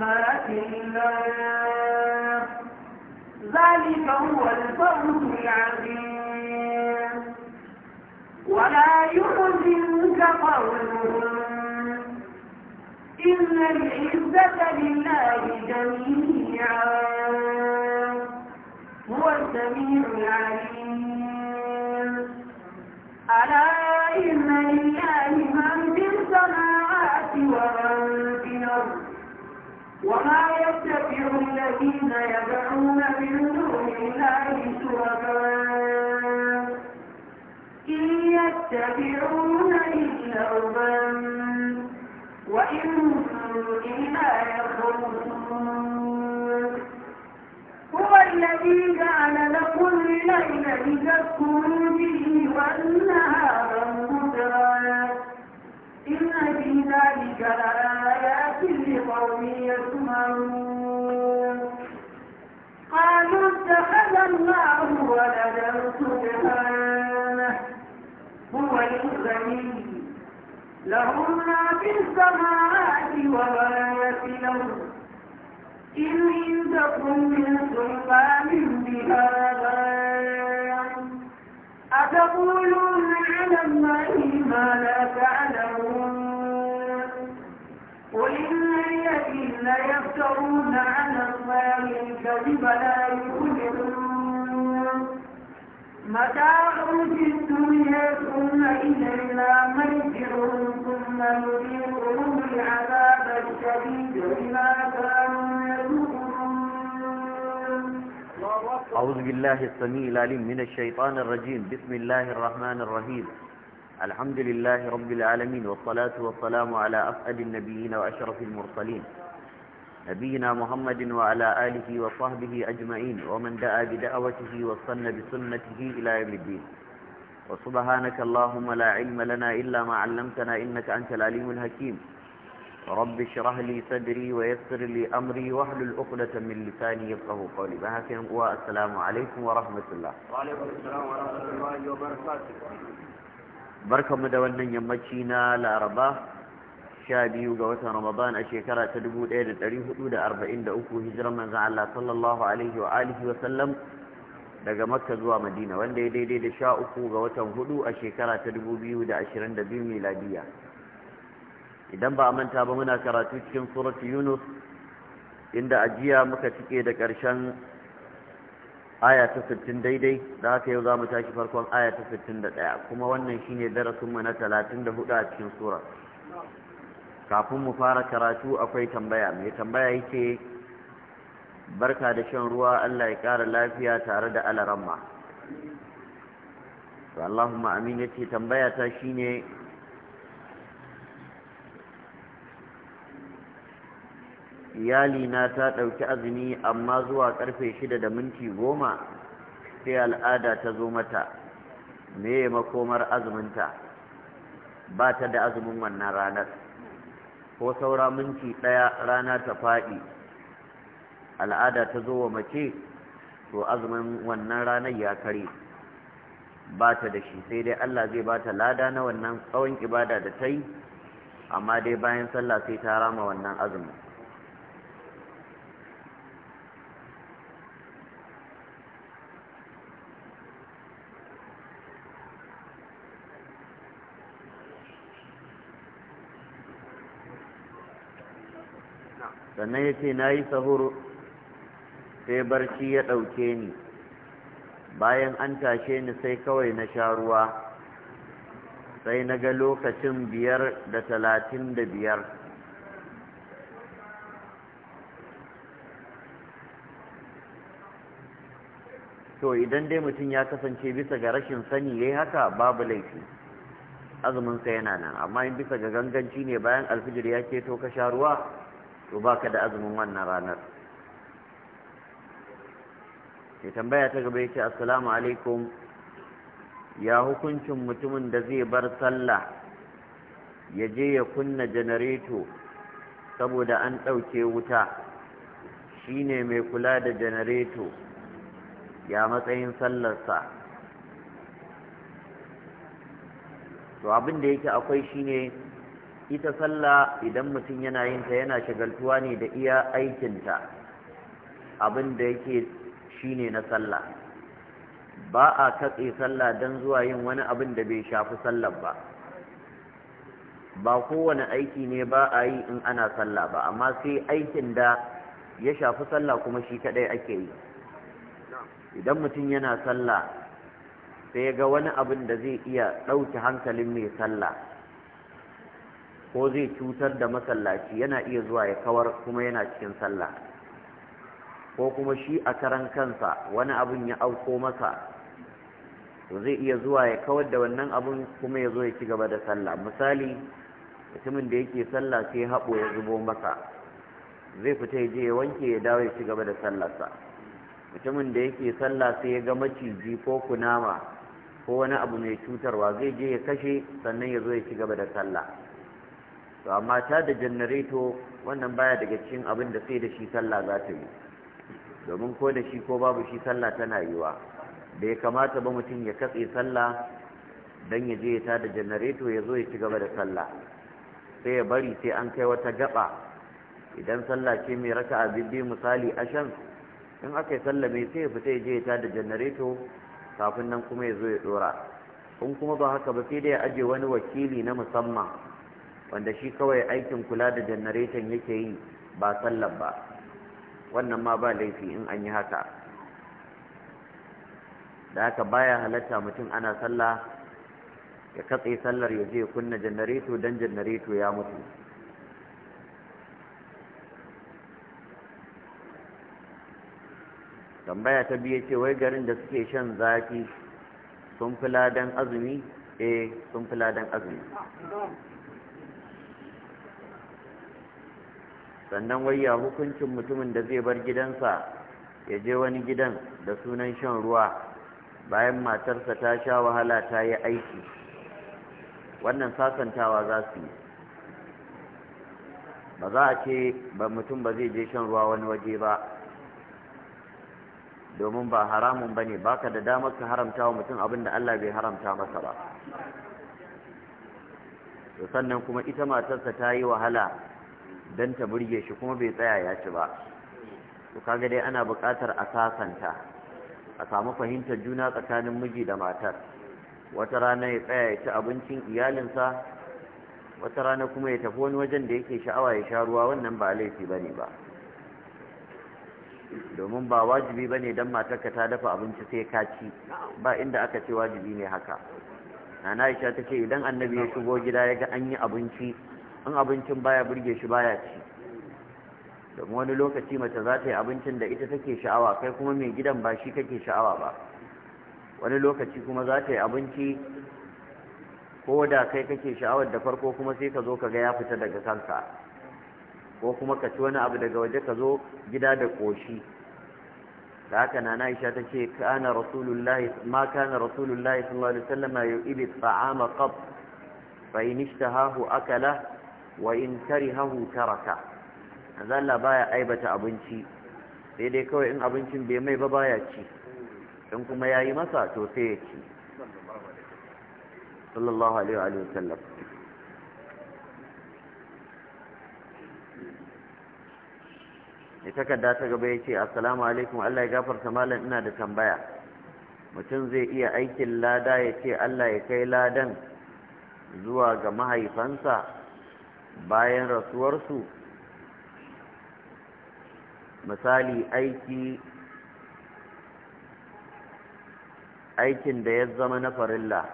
برحمة الله ذلك هو الفوز العظيم ولا يحزنك قولهم إن العزة لله جميعا هو السميع العليم ألا يتبعون إلا الظن وإن إلا يخرجون هو الذي جعل لكم الليل لتسكنوا به والنهار مبصرا إن في ذلك لآيات لقوم يسمعون قالوا اتخذ الله ولدا لهم ما في السماوات وما في الأرض إن عندكم من سلطان بهذا أتقولون على الله ما لا تعلمون قل إن الذين يفترون على الله الكذب لا يؤمنون متاع في الدنيا ثم إلينا مرجعهم ثم نذيقهم العذاب الشديد بما كانوا أعوذ بالله السميع العليم من الشيطان الرجيم بسم الله الرحمن الرحيم الحمد لله رب العالمين والصلاة والسلام على أفأد النبيين وأشرف المرسلين نبينا محمد وعلى آله وصحبه أجمعين ومن دعا بدعوته وصن بسنته إلى يوم الدين وسبحانك اللهم لا علم لنا إلا ما علمتنا إنك أنت العليم الحكيم رب اشرح لي صدري ويسر لي أمري واحلل عقدة من لساني يفقهوا قولي بهاكم والسلام عليكم ورحمة الله وعليكم السلام ورحمة الله وبركاته بركة مدونة يمتشينا لأرباه sha biyu ga watan Ramadan a shekara ta 1443 hijiran manzan Allah sallallahu alaihi wa alihi wa sallam daga Makka zuwa Madina wanda ya daidai da sha uku ga watan hudu a shekara ta 2022 miladiya idan ba a manta ba muna karatu cikin suratu Yunus inda ajiya muka cike da ƙarshen aya ta 60 daidai da haka yau za mu tashi farkon aya ta 61 kuma wannan shine darasinmu na 34 a cikin sura kafin mu fara karatu akwai tambaya mai tambaya yake barka da shan ruwa Allah ya ƙara lafiya tare da alaramma to Allahumma amin yace tambaya ta shine iyali na ta ɗauki azumi amma zuwa karfe shida da minti goma sai al'ada ta zo mata me makomar azuminta ba ta da azumin wannan ranar ko saura minti ɗaya rana ta faɗi al'ada ta zo wa mace to azumin wannan ranar ya kare ba ta da shi sai dai Allah zai ba ta lada na wannan tsawon ibada da ta yi amma dai bayan sallah sai ta rama wannan azumin sannan ya ce na yi sahuru sai barci ya ɗauke ni bayan an tashe ni sai kawai na sha ruwa sai na ga lokacin biyar da talatin da biyar to idan dai mutum ya kasance bisa ga rashin sani ya haka babu laifi azuminsa yana nan amma in bisa ga ganganci ne bayan alfijir ya keto ka sha ruwa to baka da azumin wannan ranar sai tambaya ta gaba yake assalamu alaikum ya hukuncin mutumin da zai bar sallah ya je ya kunna janareto saboda an ɗauke wuta shi ne mai kula da janareto ya matsayin sallarsa to abinda da yake akwai shine ne ita sallah idan mutum yana yin ta yana shagaltuwa ne da iya aikinta abin da yake shine na sallah ba a katse sallah don zuwa yin wani abin da bai shafi sallah ba ba kowane aiki ne ba a yi in ana sallah ba amma sai aikin da ya shafi sallah kuma shi kadai ake yi idan mutum yana sallah sai ga wani abin da zai iya ɗauki hankalin mai sallah ko zai cutar da masallaci yana iya zuwa ya kawar kuma yana cikin sallah ko kuma shi a karan kansa wani abin ya auko masa zai iya zuwa ya kawar da wannan abin kuma ya zo ya ci gaba da sallah misali mutumin da yake sallah sai haɓo ya zubo masa zai fita je ya wanke ya dawo ya ci gaba da sallarsa mutumin da yake sallah sai ya ga maciji ko kunama ko wani abu mai cutarwa zai je ya kashe sannan ya zo ya ci gaba da sallah to amma ta da janareto wannan baya daga cikin abin da sai da shi sallah za ta yi domin ko da shi ko babu shi sallah tana yiwa bai kamata ba mutum ya katse sallah don ya je ta da janareto ya zo ya ci gaba da sallah sai ya bari sai an kai wata gaba idan sallah ce mai raka a bibbi misali ashan in aka yi sallah mai sai ya fita ya je ya ta da janareto kafin nan kuma ya zo ya dora in kuma ba haka ba sai dai ya ajiye wani wakili na musamman wanda shi kawai aikin kula da janareton yake yi ba sallar ba wannan ma ba laifi in an yi haka da haka baya halatta mutum ana sallah ya katse sallar ya je kunna janareto don janareto ya mutu tambaya ta biye ce wai garin da suke shan zafi sun fi ladan azumi eh sun fi ladan azumi sannan wayya hukuncin mutumin da zai bar gidansa ya je wani gidan da sunan shan ruwa bayan matarsa ta sha wahala ta yi aiki wannan sasantawa za su yi ba za a ce ba mutum ba zai je shan ruwa wani waje ba domin ba haramun ba ne ba ka da damar ka haramta wa mutum abin da Allah bai haramta masa ba sannan kuma ita matarsa ta yi wahala don ta burge shi kuma bai tsaya ya ci ba to kaga dai ana buƙatar a sasanta a samu fahimtar juna tsakanin miji da matar wata rana ya tsaya ya ci abincin iyalinsa wata rana kuma ya tafi wani wajen da yake sha'awa ya sha ruwa wannan ba laifi ba ne ba domin ba wajibi ba ne don matarka ta dafa abinci sai ka ci ba inda aka ce wajibi ne haka na na ta ce idan annabi ya shigo gida ya ga an yi abinci in abincin baya burge shi baya ci domin wani lokaci mace za ta yi abincin da ita take sha'awa kai kuma mai gidan ba shi kake sha'awa ba wani lokaci kuma za ta yi abinci ko da kai kake sha'awar da farko kuma sai ka zo ka ga ya fita daga kanka ko kuma ka ci wani abu daga waje ka zo gida da ƙoshi da haka na Aisha ta ce kana rasulullahi ma kana rasulullahi sallallahu alaihi wasallam yu'ibi ta'ama qab fa in ishtahahu akala wa in karihahu taraka azalla baya aibata abinci sai dai kawai in abincin bai mai ba baya ci in kuma yayi masa to sai ya ci sallallahu alaihi wa alihi wasallam takarda ta gaba ya ce assalamu alaikum Allah ya gafarta malam ina da tambaya mutum zai iya aikin lada ya ce Allah ya kai ladan zuwa ga mahaifansa bayan rasuwarsu misali aiki aikin da ya zama na farilla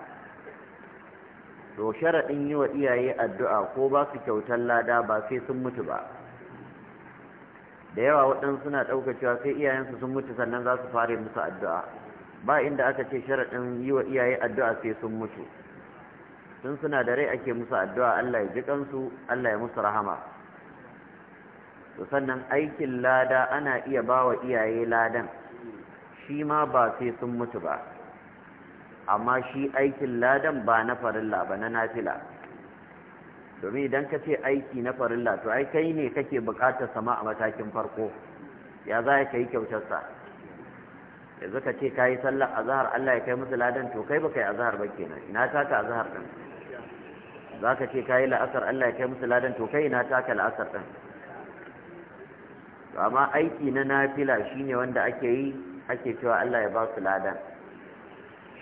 to sharaɗin yi wa iyaye addu'a ko ba su kyautar lada ba sai sun mutu ba da yawa waɗansu suna ɗaukacewa sai iyayensu sun mutu sannan za su fara musu addu'a ba inda aka ce sharaɗin yi wa iyaye addu'a sai sun mutu tun suna da rai ake musu addu'a Allah ya ji kansu Allah ya musu rahama to sannan aikin lada ana iya ba wa iyaye ladan shi ma ba sai sun mutu ba amma shi aikin ladan ba na farilla ba na nafila domin idan ka ce aiki na farilla to ai kai ne kake bukatar sama a matakin farko ya za ka yi kyautarsa yanzu ka ce ka yi sallar azahar Allah ya kai musu ladan to kai ba kai azahar ba kenan ina taka azahar ɗin za ka ce ka yi la'asar Allah ya kai musu ladan to kai na taka la'asar ɗin amma aiki na nafila ne wanda ake yi ake cewa Allah ya ba su ladan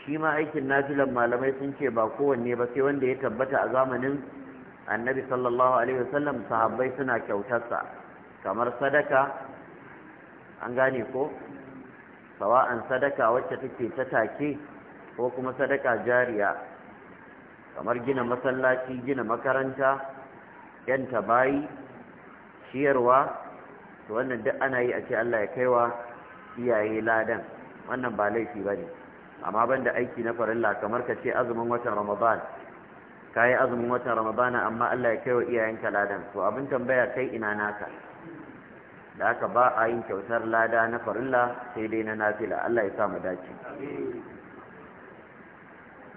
shi ma aikin nafilan malamai sun ce ba kowanne ba sai wanda ya tabbata a zamanin annabi sallallahu alaihi wasallam sahabbai suna kyautarsa kamar sadaka an gane ko sawa'an sadaka wacce take ta take ko kuma sadaka jariya kamar gina masallaci gina makaranta 'yan bayi shiyarwa, to wannan duk ana yi a ce Allah ya kaiwa iyaye ladan wannan ba laifi ba ne amma banda aiki na farilla kamar ka ce azumin watan ramadan ka yi azumin watan Ramadan amma Allah ya kaiwa iyayenka ladan to abin tambaya kai ina naka da aka ba a yin kyautar lada na farilla sai dai na nafila Allah ya sa mu dace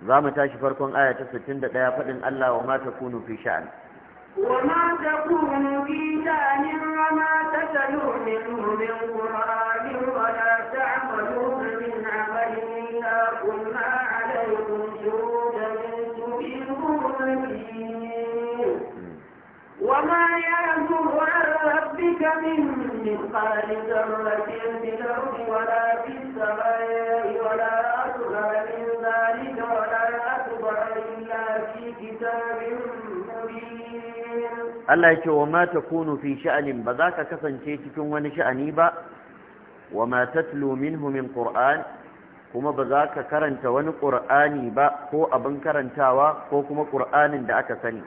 za mu tashi farkon aya ta 61 faɗin Allah wa ma takunu fi sha'an وما تكون في شأن وما تتلو من قرآن ولا تعملون من عمل إلا كنا عليكم شهودا تبينون وما يأمر عن ربك من مثقال ذرة في الأرض ولا في السماء ولا Allah ya ce wa ma takunu fi sha'anin ba za ka kasance cikin wani sha'ani ba wa ma tatlu minhu min qur'an kuma ba za ka karanta wani qur'ani ba ko abin karantawa ko kuma qur'anin da aka sani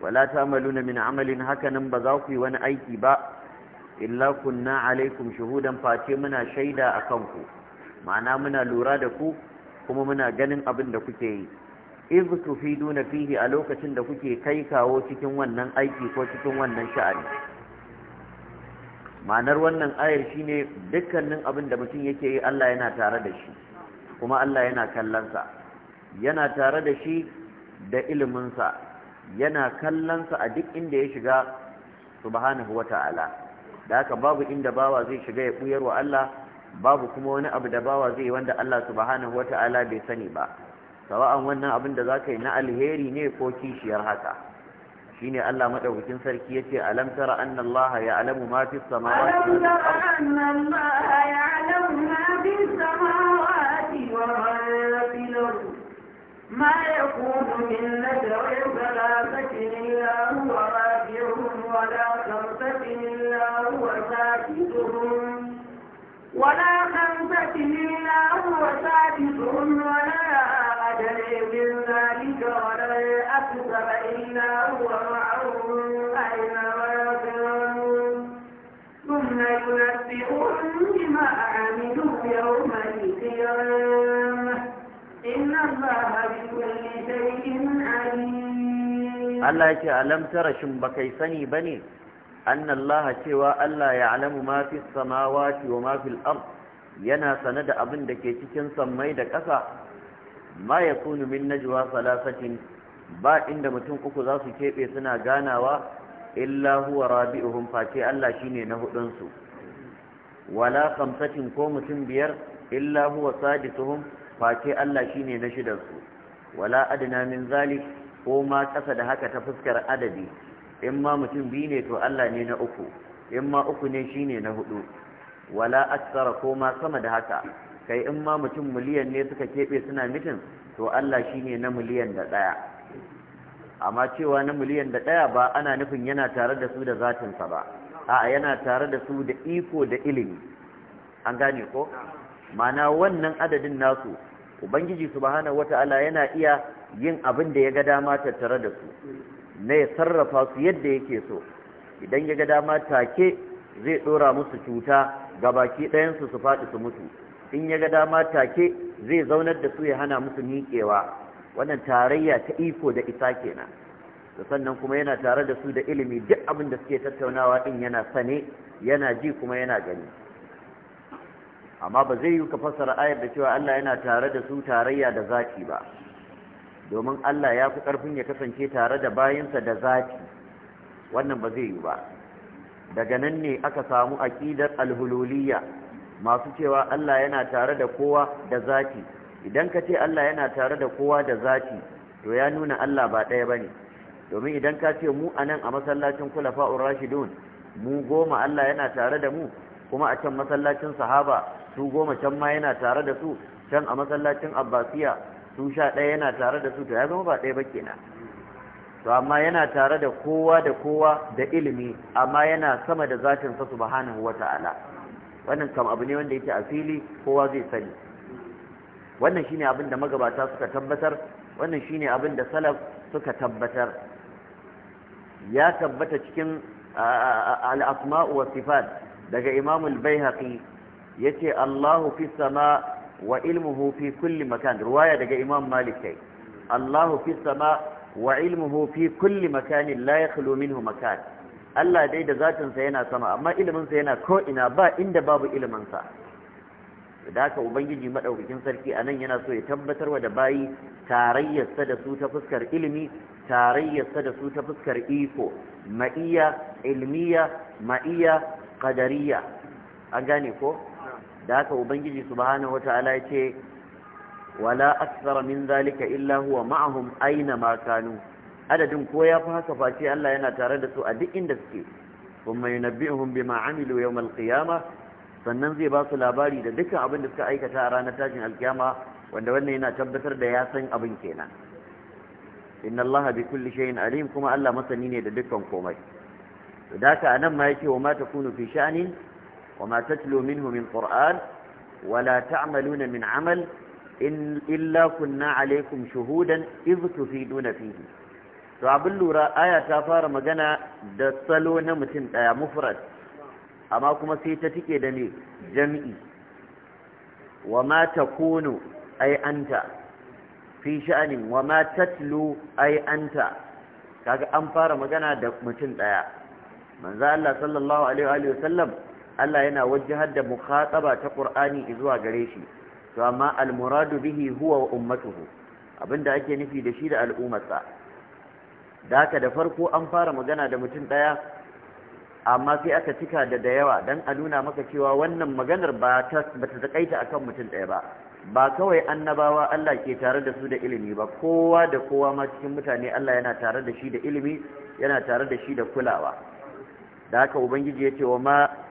wala ta'maluna min amalin hakanan ba za ku yi wani aiki ba illa kunna alaikum shuhudan face muna shaida akan ku ma'ana muna lura da ku kuma muna ganin abin da kuke yi iz tufiduna fihi a lokacin da kuke kai kawo cikin wannan aiki ko cikin wannan sha'ani ma'anar wannan ayar shine dukkanin abin da mutum yake yi Allah yana tare da shi kuma Allah yana kallonsa yana tare da shi da iliminsa yana kallonsa a duk inda ya shiga subhanahu wata'ala da haka babu inda bawa zai shiga ya buyarwa Allah babu kuma wani abu da bawa zai wanda Allah subhanahu wata'ala bai sani ba sawa'an wannan abin da zaka yi na alheri ne ko kishiyar haka shine Allah madaukakin sarki yace alam tara anna Allah ya'lamu ma fi samawati wa fil ما يكون من نجوى ثلاثة إلا هو رابعهم ولا خمسة إلا هو ساكتهم ولا Allah yake alam tara shin bakai sani bane annallaha cewa Allah ya alamu ma fi samawati wa ma fil ard yana sane da abin da ke cikin sammai da ƙasa ma yakunu min najwa salasatin ba inda mutum uku za su keɓe suna ganawa illa huwa rabi'uhum face Allah shine na hudun su wala khamsatin ko mutum biyar illa huwa sadisuhum face Allah shine na shidan su wala adna min zalik ko ma ƙasa da haka ta fuskar adadi in ma mutum biyu ne to Allah ne na uku in ma uku ne shi ne na hudu wala aksara ko ma sama da haka kai in ma mutum miliyan ne suka keɓe suna mitin to Allah shi ne na miliyan da ɗaya amma cewa na miliyan da ɗaya ba ana nufin yana tare da su da zatinsa ba a'a yana tare da su da iko da ilimi an gane ko ma'ana wannan adadin nasu ubangiji subhanahu wata'ala yana iya yin abin da ya ga dama tattare da su na ya sarrafa su yadda yake so idan ya ga dama take zai dora musu cuta ga baki ɗayansu su faɗi su mutu in ya ga dama take zai zaunar da su ya hana musu miƙewa wannan tarayya ta iko da isa kenan da sannan kuma yana tare da su da ilimi duk abin da suke tattaunawa din yana sane yana ji kuma yana gani amma ba zai yi ka fassara ayar da cewa Allah yana tare da su tarayya da zaki ba domin Allah ya fi ƙarfin ya kasance tare da bayansa da zafi wannan ba zai yi ba daga nan ne aka samu aƙidar alhululiyya masu cewa Allah yana tare da kowa da zafi idan ka ce Allah yana tare da kowa da zafi to ya nuna Allah ba ɗaya ba ne domin idan ka ce mu a nan a masallacin kulafa'ur rashidun mu goma Allah yana tare da mu kuma a can masallacin sahaba su goma can ma yana tare da su can a masallacin abbasiya su sha ɗaya yana tare da su ta, ya zama ba ɗaya ba kenan to amma yana tare da kowa da kowa da ilimi amma yana sama da zatin sa subhanahu wata'ala wannan kam abu ne wanda yake a fili kowa zai sani wannan shine abin da magabata suka tabbatar wannan shine abin da salaf suka tabbatar ya tabbata cikin al-asma' wa sifat daga Imamul bayhaqi yace Allahu fi sama wa ilmuhu fi kulli makan ruwaya daga imam malik kai allahu fi sama wa ilmuhu fi kulli makanin la yakhlu minhu makan Allah dai da zatinsa yana sama amma iliminsa yana ko'ina ba inda babu iliminsa da haka ubangiji maɗaukakin sarki anan yana so ya tabbatar da bayi tarayyarsa da su ta fuskar ilimi tarayyarsa da su ta fuskar iko ma'iya ilmiya ma'iya qadariya. an gane ko da haka ubangiji subhanahu wataala yace ce wala aksara min zalika illa huwa ma'ahum aina ma kanu adadin ko ya fi haka face Allah yana tare da su a duk inda suke kuma yunabbi'uhum bima amilu yawmal qiyamah sannan zai ba su labari da dukkan abin da suka aikata a ranar tashin alkiyama wanda wannan yana tabbatar da ya san abin kenan inna allaha bi kulli shay'in alim kuma Allah masani ne da dukkan komai da haka anan ma yake wa ma takunu fi sha'nin وما تتلو منه من قرآن ولا تعملون من عمل إن إلا كنا عليكم شهودا إذ تفيدون فيه to abin lura aya ta fara magana da salo na mutum ɗaya mufrad amma kuma sai ta tike da ne jami'i wa ma takunu ay anta fi sha'anin wa ma tatlu ay anta kaga an fara magana da mutum ɗaya manzo Allah sallallahu alaihi wa sallam Allah yana wajihar da mukhataba ta Qur'ani zuwa gare shi to amma al-muradu bihi huwa wa ummatuhu abinda ake nufi da shi da al'ummarsa da da farko an fara magana da mutum daya amma sai aka cika da da yawa dan a nuna maka cewa wannan maganar ba ta bata takaita akan mutum daya ba ba kawai annabawa Allah ke tare da su da ilimi ba kowa da kowa ma cikin mutane Allah yana tare da shi da ilimi yana tare da shi da kulawa da haka ubangiji ya ce wa ma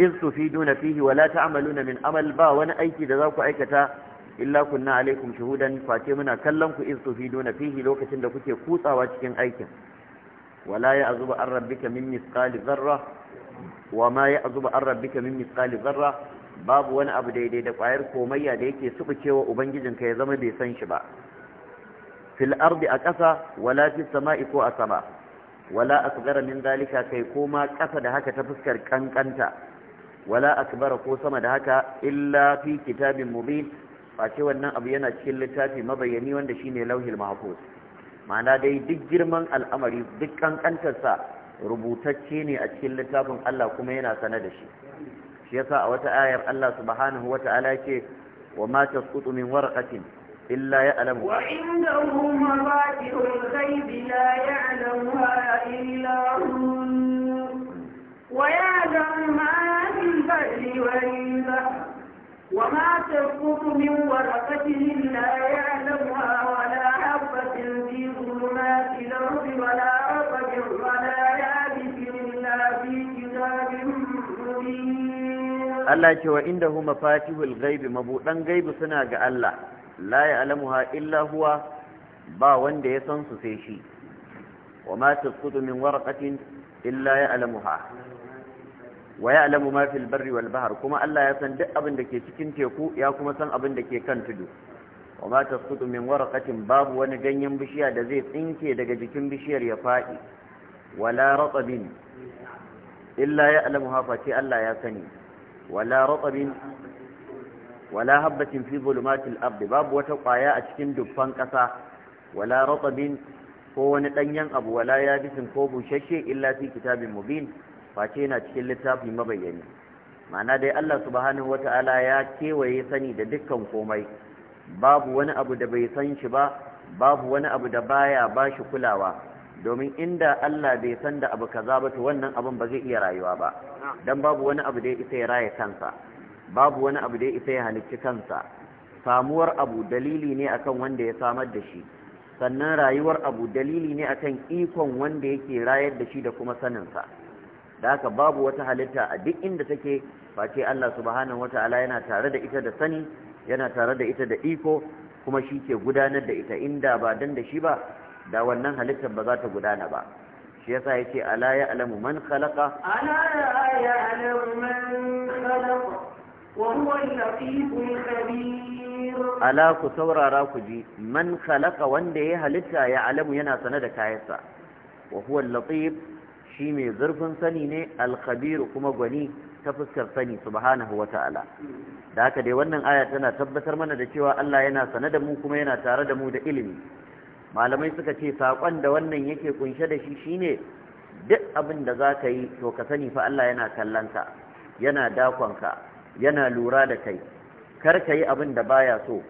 iz tufiduna fihi wa la ta'maluna min amal ba wani aiki da za ku aikata illa kunna alaikum shuhudan face muna kallon ku iz tufiduna fihi lokacin da kuke kutsawa cikin aikin wala ya'zubu an rabbika min misqali dharra wa ma ya'zubu an rabbika min misqali dharra babu wani abu daidai da kwayar komayya da yake subucewa ubangijinka ya zama bai san shi ba fil ardi a ƙasa wala fis sama'i ko a sama wala asghara min zalika kai koma ƙasa da haka ta fuskar ƙanƙanta. wala akbara ko sama da haka illa fi kitabin mubin face wannan abu yana cikin littafi mabayani wanda shine lauhil mahfuz ma'ana dai duk girman al'amari duk ƙanƙantarsa rubutacce ne a cikin littafin Allah kuma yana sane da shi shi yasa a wata ayar Allah subhanahu wata'ala yake wa ma tasqutu min waraqatin إلا يعلمها وعنده مفاتح الغيب لا يعلمها إلا هو ويعلم ما وما تسقط من ورقة إلا يعلمها ولا حبة في ظلمات الأرض ولا رطب ولا يابس إلا في كتاب مبين Allah ce inda huma fatihul gaibi mabuɗan gaibi suna ga Allah la ya'lamuha illa huwa ba wanda ya san su sai shi wa ma tasqutu min waraqatin illa wa ya'lamu ma fil barri wal kuma Allah ya san duk abin da ke cikin teku ya kuma san abin da ke kan tudu wa ma tasqutu min waraqatin babu wani ganyen bishiya da zai tsinke daga jikin bishiyar ya fadi wala ratabin illa ya'lamuha fa ce Allah ya sani wala ratabin wala habbatin fi zulumatil ardi babu wata kwaya a cikin dubban kasa wala ratabin ko wani danyen abu wala yabisin ko bushashe illa fi kitabin mubin face yana cikin littafi mabayyani ma'ana dai Allah subhanahu wata'ala ya kewaye sani da dukkan komai babu wani abu da bai san shi ba babu wani abu da baya ba shi kulawa domin inda Allah bai san da abu kaza ba to wannan abun ba zai iya rayuwa ba dan babu wani abu da ya isa ya raye kansa babu wani abu da ya isa ya halicci kansa samuwar abu dalili ne akan wanda ya samar da shi sannan rayuwar abu dalili ne akan ikon wanda yake rayar da shi da kuma saninsa da haka babu wata halitta a duk inda take face Allah subhanahu wata'ala yana tare da ita da sani yana tare da ita da iko kuma shi ke gudanar da ita inda ba dan da shi ba da wannan halittar ba za ta gudana ba shi yasa yace ala ya'lamu man khalaqa ala ya'lamu man khalaqa wa huwa al-latiful ala ku saurara ku ji man khalaqa wanda ya halitta ya alamu yana sane da kayansa wa huwa al-latif shi mai zurfin sani ne alkhabiru kuma gwani ta fuskar sani subhanahu wa ta'ala da haka dai wannan aya tana tabbatar mana da cewa Allah yana sane da mu kuma yana tare da mu da ilimi malamai suka ce sakon da wannan yake kunshe da shi shine duk abin da za ka yi to ka sani fa Allah yana kallonka yana dakon ka, yana lura da kai kar ka yi abin da baya so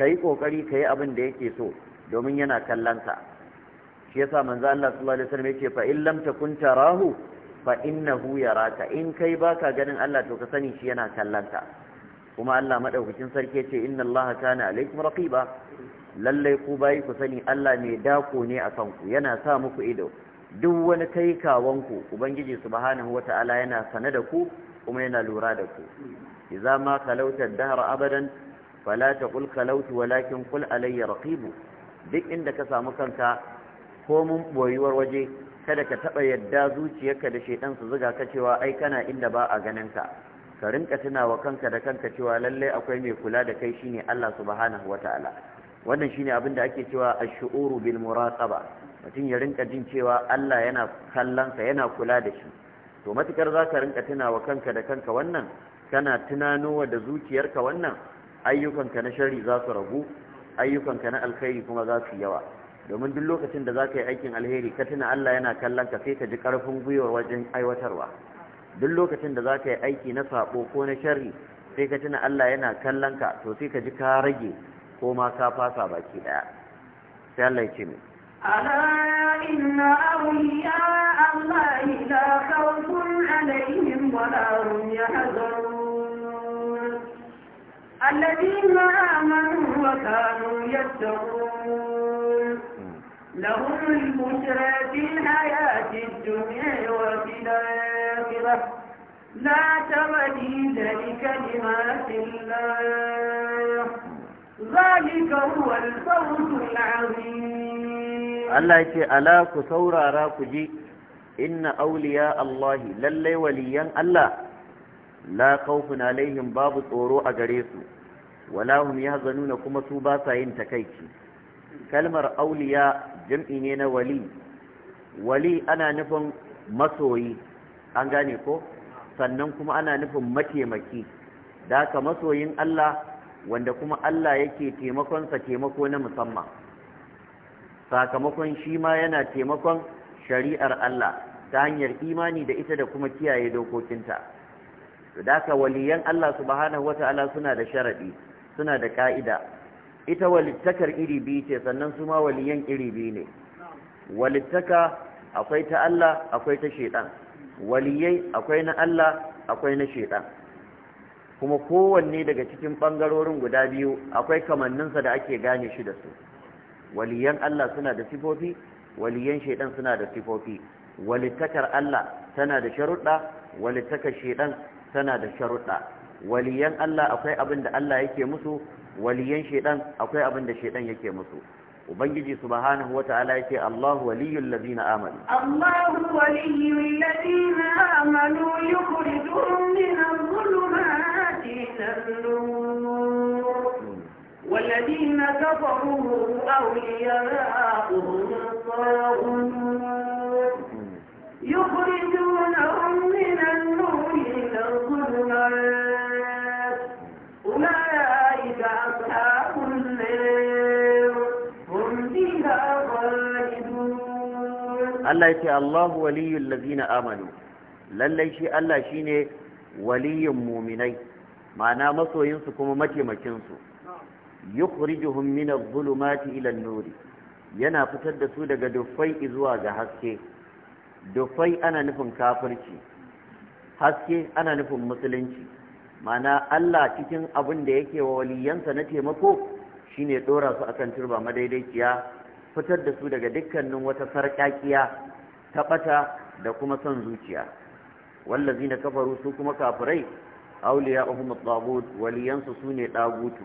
ka yi ƙoƙari ka yi abin da yake so domin yana kallon ka. shi yasa manzo Allah sallallahu alaihi wasallam yace fa in lam takun tarahu fa innahu yaraka in kai baka ganin Allah to ka sani shi yana kallon ka kuma Allah madaukakin sarki yace inna Allah kana alaikum raqiba lalle ku bayi ku sani Allah mai dako ne a kanku yana sa muku ido duk wani kai ku ubangiji subhanahu wata'ala yana sane da ku kuma yana lura da ku idza ma kalauta dahra abadan fala taqul kalautu walakin qul alayya raqib duk inda ka samu kanka ko mun boyuwar waje kada ka taɓa yadda zuciyarka da shaidan su zuga ka cewa ai kana inda ba a ganin ka ka rinka tunawa kanka da kanka cewa lallai akwai mai kula da kai shine Allah subhanahu wataala wannan shine abin da ake cewa ash-shu'uru bil muraqaba mutum ya rinka jin cewa Allah yana kallon sa yana kula da shi to matukar zaka rinka tunawa kanka da kanka wannan kana tunanowa da zuciyarka wannan ayyukanka na shari za su ragu ayyukanka na alkhairi kuma za su yawa domin duk lokacin da za ka yi aikin alheri ka tuna Allah yana kallon ka sai ka ji ƙarfin gwiwa wajen aiwatarwa duk lokacin da za ka yi aiki na saɓo ko na shari sai ka tuna Allah yana kallon ka to sai ka ji ka rage ko ma ka fasa baki ɗaya sai Allah ya ce mu ألا إن أولياء الله لا خوف عليهم ولا yahzanun alladhina amanu wa kanu yattaqun لهم البشرى في الحياة الدنيا وفي الآخرة لا تبديل لكلمات الله ذلك هو الفوز العظيم الله يتي ألا كثورا راكجي إن أولياء الله للي وليا الله لا خوف عليهم باب الطورو أجريسو ولا هم يهزنون كما سوبا ساين تكيكي أولياء jam'i ne na wali wali ana nufin masoyi an gane ko sannan kuma ana nufin mataimaki da masoyin Allah wanda kuma Allah yake taimakonsa taimako na musamman sakamakon shi ma yana taimakon shari'ar Allah ta hanyar imani da ita da kuma kiyaye dokokinta da ka waliyan Allah subhanahu wata'ala suna da sharadi suna da ƙa'ida. ita walittakar iri biyu ce sannan su ma waliyan iri biyu ne walittaka akwai ta Allah akwai ta shedan waliyai akwai na Allah akwai na shedan kuma kowanne daga cikin ɓangarorin guda biyu akwai kamanninsa da ake gane shi da su waliyan Allah suna da sifofi waliyan shedan suna da sifofi walittakar Allah tana da sharuɗa walittakar shedan tana da sharuɗa waliyan Allah akwai abin da Allah yake musu waliyan shedan akwai abin da shedan yake musu ubangiji subhanahu wata'ala yake Allah waliyul ladina amanu Allah waliyul ladina amanu yukhrijuhum min adh-dhulumati ilan nur والذين كفروا أولياءهم الطاغون Allah ya ce Allahu Waliyyun ladina amanu lallai shi Allah shine waliyyin muminai ma'ana masoyinsu kuma mataimakinsu yukhrijuhum min adh-dhulumati ila an yana fitar da su daga dufai zuwa ga haske dufai ana nufin kafirci haske ana nufin musulunci ma'ana Allah cikin abin da yake wa waliyansa na taimako shine dora su akan turba madaidaiciya fitar da su daga dukkanin wata sarƙaƙiya ta ɓata da kuma son zuciya wallazi na kafaru su kuma kafirai auliya uhum tagut waliyansu su ne ɗagutu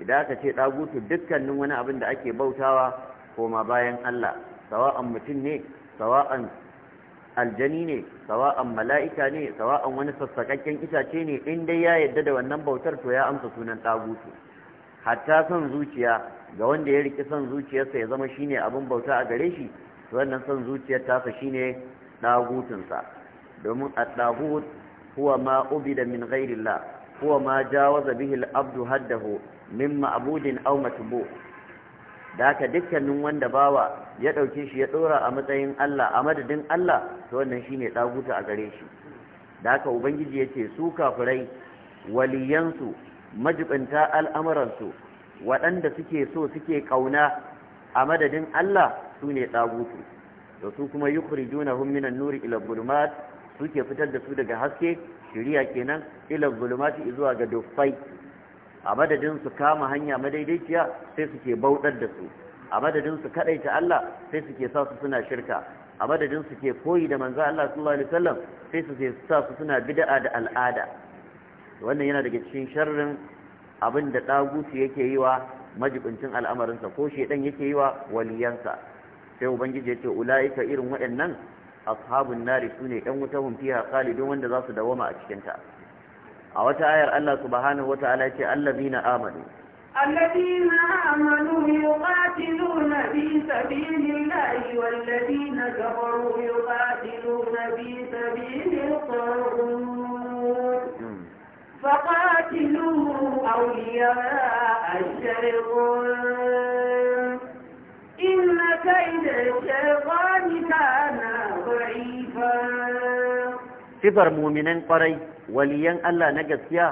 idan aka ce ɗagutu dukkanin wani abin da ake bautawa koma bayan Allah sawa'an mutum ne sawa'an aljani ne sawa'an mala'ika ne sawa'an wani sassaƙaƙƙen itace ne in dai ya yadda da wannan bautar to ya amsa sunan ɗagutu hatta son zuciya ga wanda ya riki son zuciyarsa ya zama shine abin bauta a gare shi to wannan son zuciyar tasa shine dagutunsa domin at dagut huwa ma ubida min ghairillah huwa ma jawaza bihi al-abdu haddahu min ma'budin aw matbu da dukkanin wanda bawa ya ɗauke shi ya ɗora a matsayin Allah a madadin Allah to wannan shine daguta a gare shi da haka ubangiji yace su kafirai waliyansu majibinta al'amuransu waɗanda suke so suke ƙauna a madadin Allah su ne ɗagutu da su kuma yi juna hunminan nuri ilabulmat suke fitar da su daga haske shirya kenan ila gulmati zuwa ga duffai a madadin su kama hanya madaidaiciya sai suke bauɗar da su a madadin su kaɗaita Allah sai suke sa su suna shirka a madadin su ke koyi da manzo Allah sallallahu alaihi wasallam sai su sa su suna bid'a da al'ada wannan yana daga cikin sharrin abin da ɗagusu yake yi wa majibincin al'amarinsa ko shedan yake yi wa waliyansa sai ubangiji ya ce ula'ika irin waɗannan ashabun nari sune ɗan wuta hun fiha khalidun wanda za su dawoma a cikin ta a wata ayar Allah subhanahu wataala ta'ala ce allazina amanu الذين آمنوا يقاتلون في سبيل الله والذين كفروا يقاتلون في فقاتلوا أولياء الشيطان إن كيد الشيطان كان ضعيفا sifar muminan ƙwarai waliyan Allah na gaskiya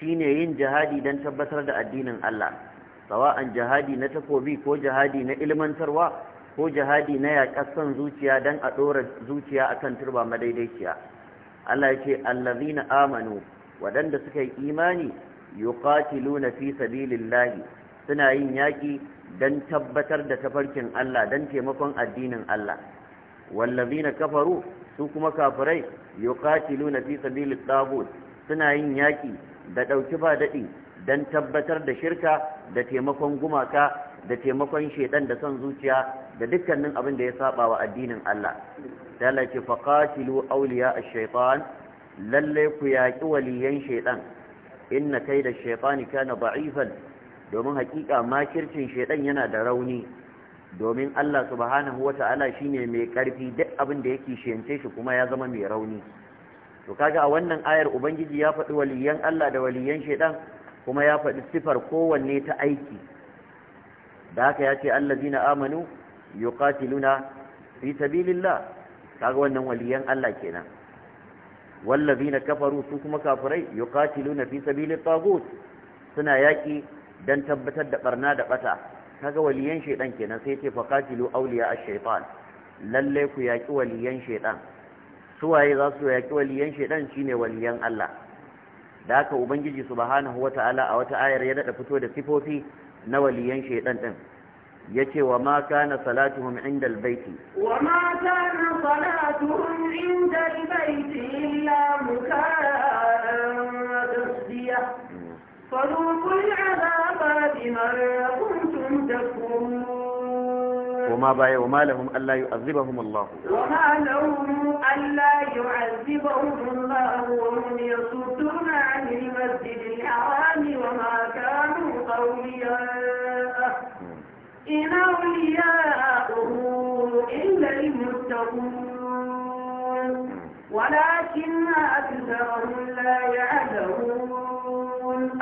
shine yin jihadi don tabbatar da addinin Allah sawa'an jihadi na takobi ko jihadi na ilmantarwa ko jihadi na yaƙar son zuciya don a ɗora zuciya akan turba madaidaiciya Allah ya ce allazina amanu waɗanda suka yi imani yuqatiluna fi sabilillahi suna yin yaƙi dan tabbatar da tafarkin Allah dan taimakon addinin Allah wallazina kafaru su kuma kafirai yuqatiluna fi sabilit tagut suna yin yaƙi da ɗauki ba daɗi dan tabbatar da shirka da taimakon gumaka da taimakon shaidan da son zuciya da dukkanin abin da ya saba wa addinin Allah. Dala ce faƙatilu auliya a lalle ku yaƙi waliyan shaiɗan inna kai da shaitani kana ba'ifan domin hakika makircin shaiɗan yana da rauni domin Allah subhanahu wata'ala ne mai ƙarfi duk abin da yake shiyance shi kuma ya zama mai rauni to kaga a wannan ayar ubangiji ya faɗi waliyan Allah da waliyan shaiɗan kuma ya faɗi sifar kowanne ta aiki da haka ya ce allazina amanu yuqatiluna fi sabilillah kaga wannan waliyan Allah kenan na kafaru su kuma kafirai na fi sabilit tagut suna yaƙi dan tabbatar da ɓarna da bata kaga waliyan shaidan kenan sai ce katilu auliya a shaytan Lallai ku yaki waliyan Su waye za su yaki waliyan shi shine waliyan Allah da haka ubangiji subhanahu wataala a wata ayar ya daɗa fito da sifofi na waliyan ɗin din ce wa ma kana salatuhum inda al wa ma kana صلاتهم عند البيت إلا مكاء تصدية فذوقوا العذاب بما كنتم تكفرون وما باي وما لهم ألا يعذبهم الله وما لهم ألا يعذبهم الله وهم يصدون عن المسجد الحرام وما كانوا أولياءه إن أولياء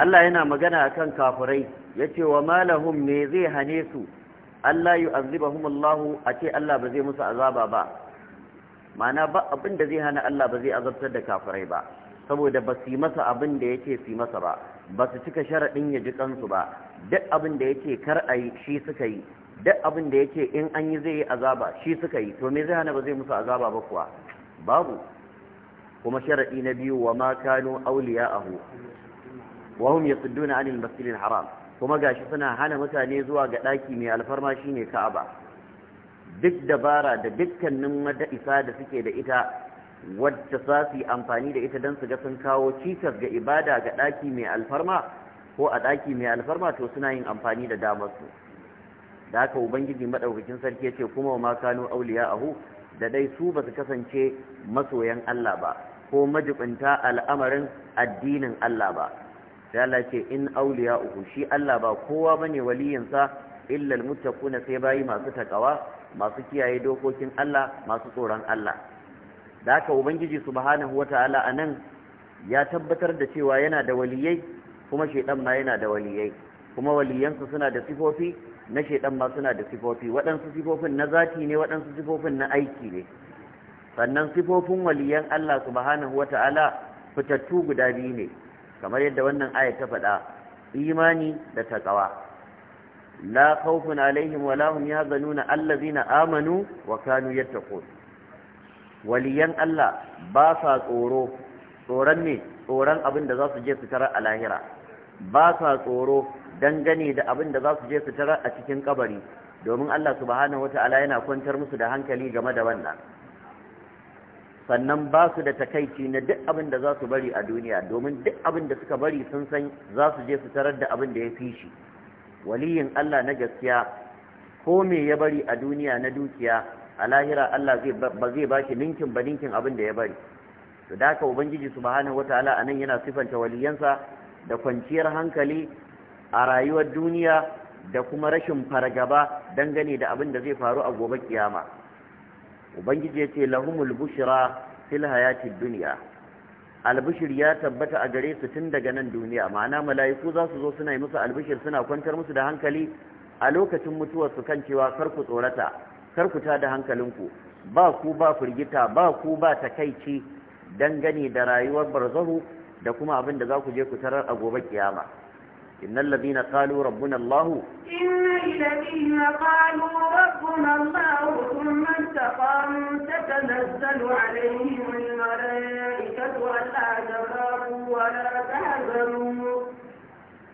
Allah yana magana a kan kafirai ce wa malahun me zai hane su Allah yu'azzibahum Allah a ce Allah ba zai musu azaba ba mana ba abin da zai hana Allah ba zai azabtar da kafirai ba saboda ba su yi masa abin da yake su yi masa ba ba su cika sharaɗin ya ji kansu ba duk abin da yake kar a yi shi suka yi duk abin da yake in an yi zai yi azaba shi suka yi to me zai hana ba zai musu azaba ba kuwa babu kuma sharaɗi na biyu wa ma kanu awliya'ahu wa hum yasudduna 'anil masjidil haram kuma gashi suna hana mutane zuwa ga daki mai alfarma shine Ka'aba duk dabara da dukkanin mada'isa da suke da ita wadda za su yi amfani da ita don su ga sun kawo cikas ga ibada ga ɗaki mai alfarma ko a ɗaki mai alfarma to suna yin amfani da damar su da haka ubangiji maɗaukakin sarki ya ce kuma ma kanu auliya ahu da dai su ba su kasance masoyan Allah ba ko majibinta al'amarin addinin Allah ba sai Allah ce in auliya uku shi Allah ba kowa bane waliyinsa illa almuttaquna sai bayi masu takawa masu kiyaye dokokin Allah masu tsoron Allah da haka ubangiji subhanahu wataala anan ya tabbatar da cewa yana da waliyai kuma shedan ma yana da waliyai kuma waliyansu suna da sifofi na shedan ma suna da sifofi waɗansu sifofin na zati ne waɗansu sifofin na aiki ne sannan sifofin waliyan Allah subhanahu wa ta'ala fitattu guda biyu ne kamar yadda wannan aya ta faɗa imani da taqwa la khawfun alaihim wala hum yahzanun allazina amanu wa kanu yattaqun waliyan Allah ba sa tsoro tsoron ne tsoron abin da za su je su tara a lahira ba sa tsoro dangane da abin da za su je su tara a cikin kabari domin Allah subhanahu wa ta'ala yana kwantar musu da hankali game da wannan sannan ba su da takaici na duk abin da za su bari a duniya domin duk abin da suka bari sun san za su je su tarar da abin da ya fi shi waliyin Allah na gaskiya ko me ya bari a duniya na dukiya a lahira Allah ba zai ba shi ninkin ba ninkin abin da ya bari to da haka ubangiji subhanahu wataala anan yana sifanta waliyansa da kwanciyar hankali a rayuwar duniya da kuma rashin fargaba dangane da abin da zai faru a gobe kiyama ubangiji ya ce lahumul bushra fil hayatid dunya albushir ya tabbata a gare su tun daga nan duniya ma'ana mala'iku za su zo suna yi musu albishir suna kwantar musu da hankali a lokacin mutuwar su kan cewa kar ku tsorata kar ku da hankalinku ba ku ba firgita ba ku ba takaici dangane da rayuwar barzahu da kuma abin da za ku je ku tarar a gobe kiyama إن الذين قالوا ربنا الله إن الذين قالوا ربنا الله ثم متقى تتنزل عليهم الملائكة ولا تخافوا ولا تحزنوا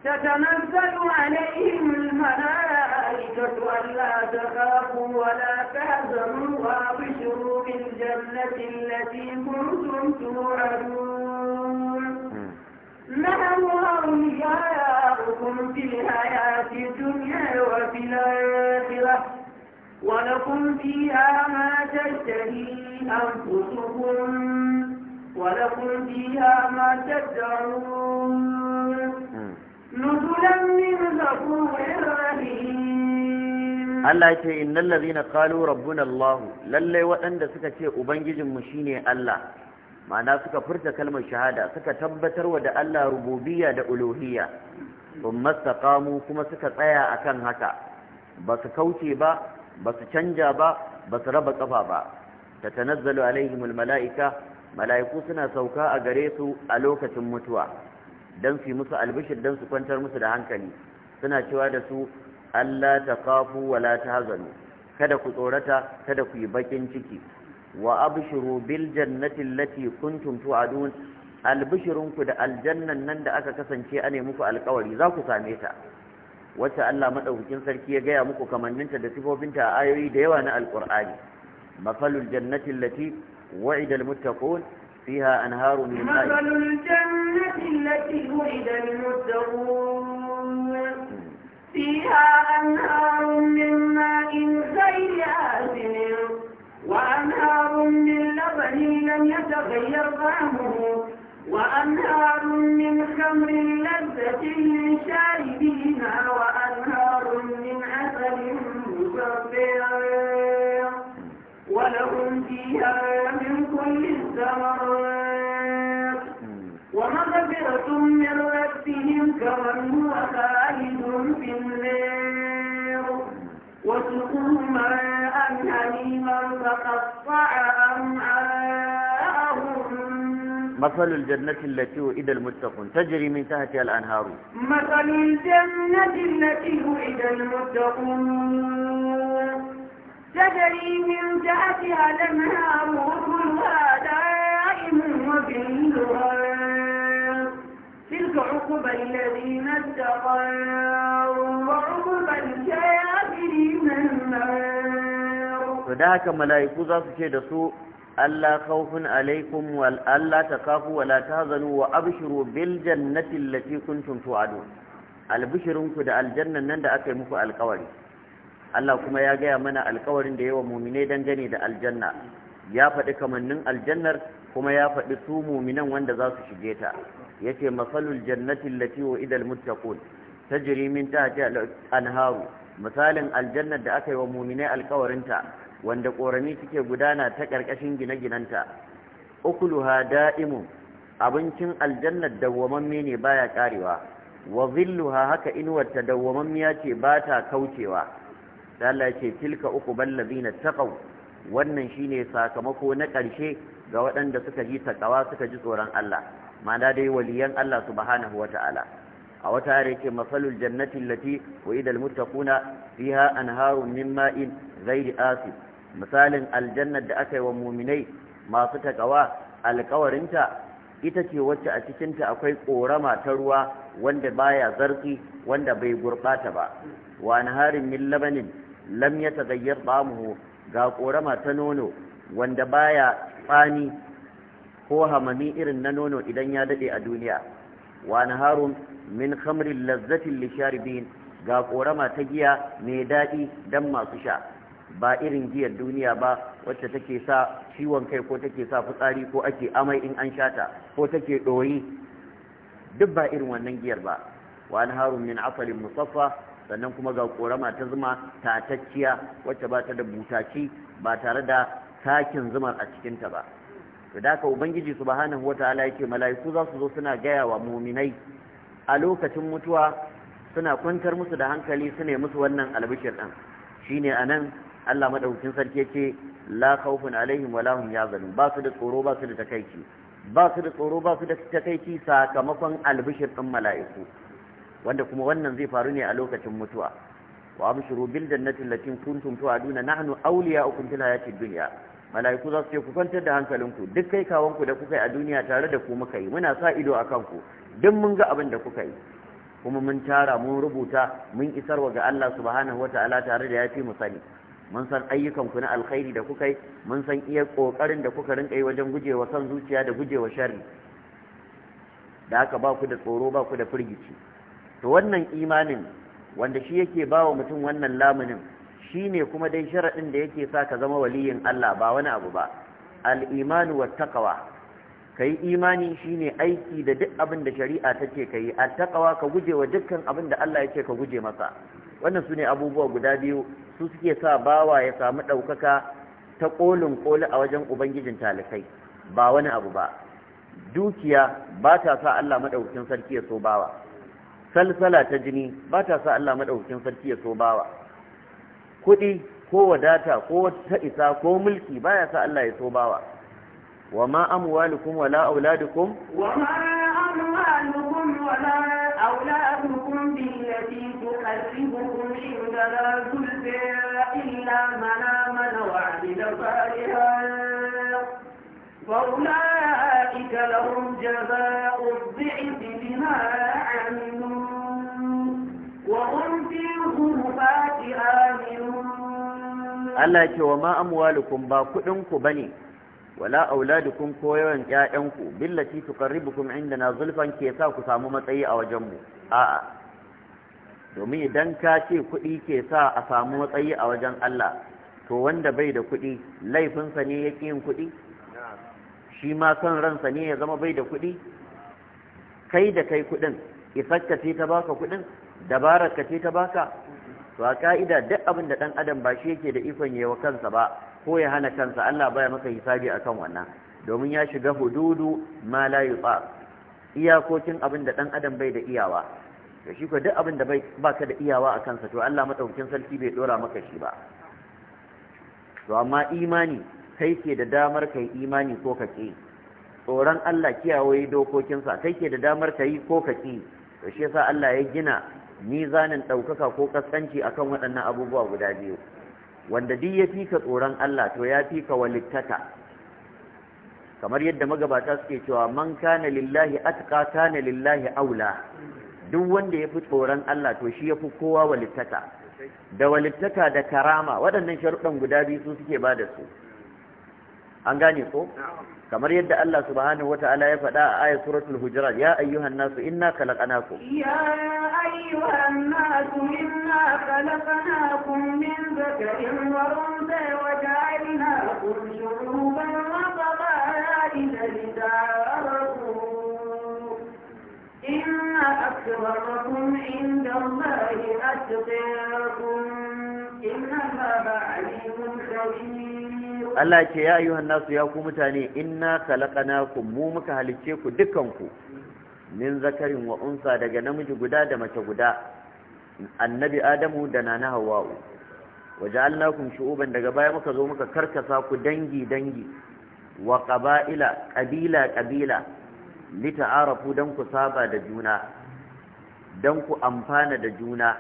تتنزل عليهم الملائكة ولا تخافوا ولا تحزنوا وابشروا بالجنة التي كنتم توعدون نحن أولياء ولكم فيها ما تشتهي أنفسكم ولكم فيها ما تدعون نزلا من غفور رحيم Allah ce innal ladhina qalu rabbuna Allah lalle waɗanda suka ce ubangijin mu shine Allah ma'ana suka furta kalmar shahada suka tabbatarwa da Allah rububiyya da uluhiyya thumma istaqamu kuma suka tsaya a kan haka ba su kauce ba ba su canja ba ba su raba kafa ba ta tanazzalu alaihimul mala'ika mala'iku suna sauka a gare su a lokacin mutuwa don su musu albishir don su kwantar musu da hankali suna cewa da su Allah ta kafu wa la ta hazanu kada ku tsorata kada ku yi bakin ciki wa abshiru bil jannati allati kuntum tu'adun albishirunku da aljannan nan da aka kasance ane muku alkawari za ku same ta wacce Allah madaukakin sarki ya gaya muku kamanninta da sifofinta a ayoyi da yawa na alqur'ani mafalul jannati allati wa'ida almuttaqun فيها أنهار من ماء مثل الجنة التي وعد المتقون فيها أنهار من ماء غير آسن وأنهار من لبن لم يتغير طعمه وأنهار من خمر لذة للشارب أنا مثل الجنة التي وعد المتقون تجري من تحتها الأنهار مثل الجنة التي وعد المتقون تجري من تحتها الأنهار وكلها دائم وبينها تلك عقب الذين اتقوا وعقب الكافرين النار فدهك ملائكه ذات شيء دسوء Allah خوف عليكم وألا تخافوا ولا تهزنوا وأبشروا بالجنة التي كنتم توعدون albishirinku da aljannan nan da aka yi muku alkawari Allah kuma ya gaya mana alkawarin da yawa muminai dangane da aljanna ya faɗi kamannin aljannar kuma ya faɗi su muminan wanda za su shige ta yace masalul jannati allati ta almuttaqun tajri min tahtiha al-anharu misalin aljannar da aka yi wa muminai alkawarinta wanda ƙorami suke gudana ta ƙarƙashin gine-ginanta ukuluha da'imun abincin aljannar dawwamamme ne baya ƙarewa. wa zilluha haka inuwarta dawwamammiya ce ba ta kaucewa da Allah ce tilka uku ballazina taqaw wannan shine sakamako na ƙarshe ga waɗanda suka ji takawa suka ji tsoron Allah ma'ana dai waliyan Allah subhanahu wata'ala a wata yare ce masalul jannati allati wa'ida almuttaquna fiha anharun min ma'in ghairi asif misalin aljannar da aka yi wa muminai masu takawa alkawarinta ita ce wacce a cikinta akwai korama ta ruwa wanda baya zarfi wanda bai gurbata ba wa anharin min labanin lam yataghayyar ta'amuhu ga korama ta nono wanda baya tsani ko hamami irin na nono idan ya dade a duniya wa anharun min khamrin lazzatin lisharibin ga korama ta giya mai daɗi don masu sha ba irin giyar duniya ba wacce take sa ciwon kai ko take sa fitsari ko ake amai in an shata ko take ɗoyi duk ba irin wannan giyar ba wa an harun min afalin musaffa sannan kuma ga korama ta zuma tatacciya wacce ba ta da butaci ba tare da takin zumar a cikinta ba to da haka ubangiji subhanahu wataala yake mala'iku za su zo suna gaya wa muminai a lokacin mutuwa suna kwantar musu da hankali su ne musu wannan albishir ɗin a anan Allah maɗaukin sarki ce la khawfun alaihim wala ya yahzanun ba su da tsoro ba su da takaici ba su da tsoro ba su da takaici sakamakon albishir ɗin mala'iku wanda kuma wannan zai faru ne a lokacin mutuwa wa abshuru bil jannati allati kuntum tu'aduna nahnu awliya'ukum fil hayati dunya mala'iku za su ce ku kwantar da hankalinku duk kai kawanku da kuka yi a duniya tare da ku muka yi muna sa ido a kanku duk mun ga abin da kuka yi kuma mun tara mun rubuta mun isarwa ga Allah subhanahu wata'ala tare da yafi mu sani mun san ayyukan ku na alkhairi da kukai, yi mun san iya kokarin da kuka rinka yi wajen gujewa san zuciya da gujewa sharri da haka ba ku da tsoro ba ku da firgici to wannan imanin wanda shi yake ba wa mutum wannan lamunin shi ne kuma dai sharaɗin da yake sa ka zama waliyin Allah ba wani abu ba al'imanu wa taqwa kai imani shine aiki da duk abin da shari'a ta ce kai attaqwa ka guje wa dukkan abin da Allah ya ce ka guje masa wannan sune abubuwa guda biyu su suke sa bawa ya samu ɗaukaka ta kolin koli a wajen ubangijin talikai ba wani abu ba dukiya ba ta sa Allah madaukakin sarki ya so bawa salsala ta jini ba ta sa Allah madaukakin sarki ya so bawa kuɗi ko wadata ko ta isa ko mulki ba ya sa Allah ya so bawa وما أموالكم ولا أولادكم وما أموالكم ولا أولادكم بالتي تقربكم عندنا زلفى إلا من آمن وعمل صالحا فأولئك لهم جزاء الضعف بما عملوا وهم في الغرفات آمنون الله يقول وما أموالكم باكلكم بني wala auladukum ko yawan ƴaƴanku billati tuqarribukum indana zulfan ke sa ku samu matsayi a wajen mu a'a domin idan ka ce kuɗi ke sa a samu matsayi a wajen Allah to wanda bai da kuɗi laifinsa ne ya yin kuɗi shi ma son ransa ne ya zama bai da kuɗi kai da kai kuɗin isakka ce ta baka kuɗin dabarar ka ce ta baka to a ka'ida duk abin da ɗan adam ba shi yake da ikon yi wa kansa ba ko ya hana kansa Allah baya maka hisabi akan wannan domin ya shiga hududu ma la yuta iyakokin abin da dan adam bai da iyawa to shi ko duk abin da bai baka da iyawa a kansa to Allah madaukakin sarki bai dora maka shi ba to amma imani kai ke da damar kai imani ko ka ke tsoron Allah kiyaye dokokinsa kai ke da damar kai ko ka ke to shi yasa Allah ya gina mizanin ɗaukaka ko kaskanci akan waɗannan abubuwa guda biyu wanda duk ya fi ka tsoron Allah to ya fi ka walittaka kamar yadda magabata suke cewa man kana lillahi atqa kana lillahi aula duk wanda ya fi tsoron Allah to shi ya fi kowa walittaka da walittaka da karama waɗannan sharuɗan guda biyu su suke ba da su an gane ko kamar yadda Allah subhanahu wata'ala ya faɗa a ayat suratul hujurat ya ayyuhan nasu inna khalaqnakum ya ayyuhan nasu inna khalaqnakum min Allah ke ya ayyuhan nasu ya ku mutane inna khalaqnakum mu muka halice ku dukanku min zakarin wa unsa daga namiji guda da mace guda annabi adamu da nana hawwa'u waja'alnakum shu'uban daga baya muka zo muka karkasa ku dangi dangi wa qaba'ila qabila qabila lita'arafu dan ku saba da juna dan ku amfana da juna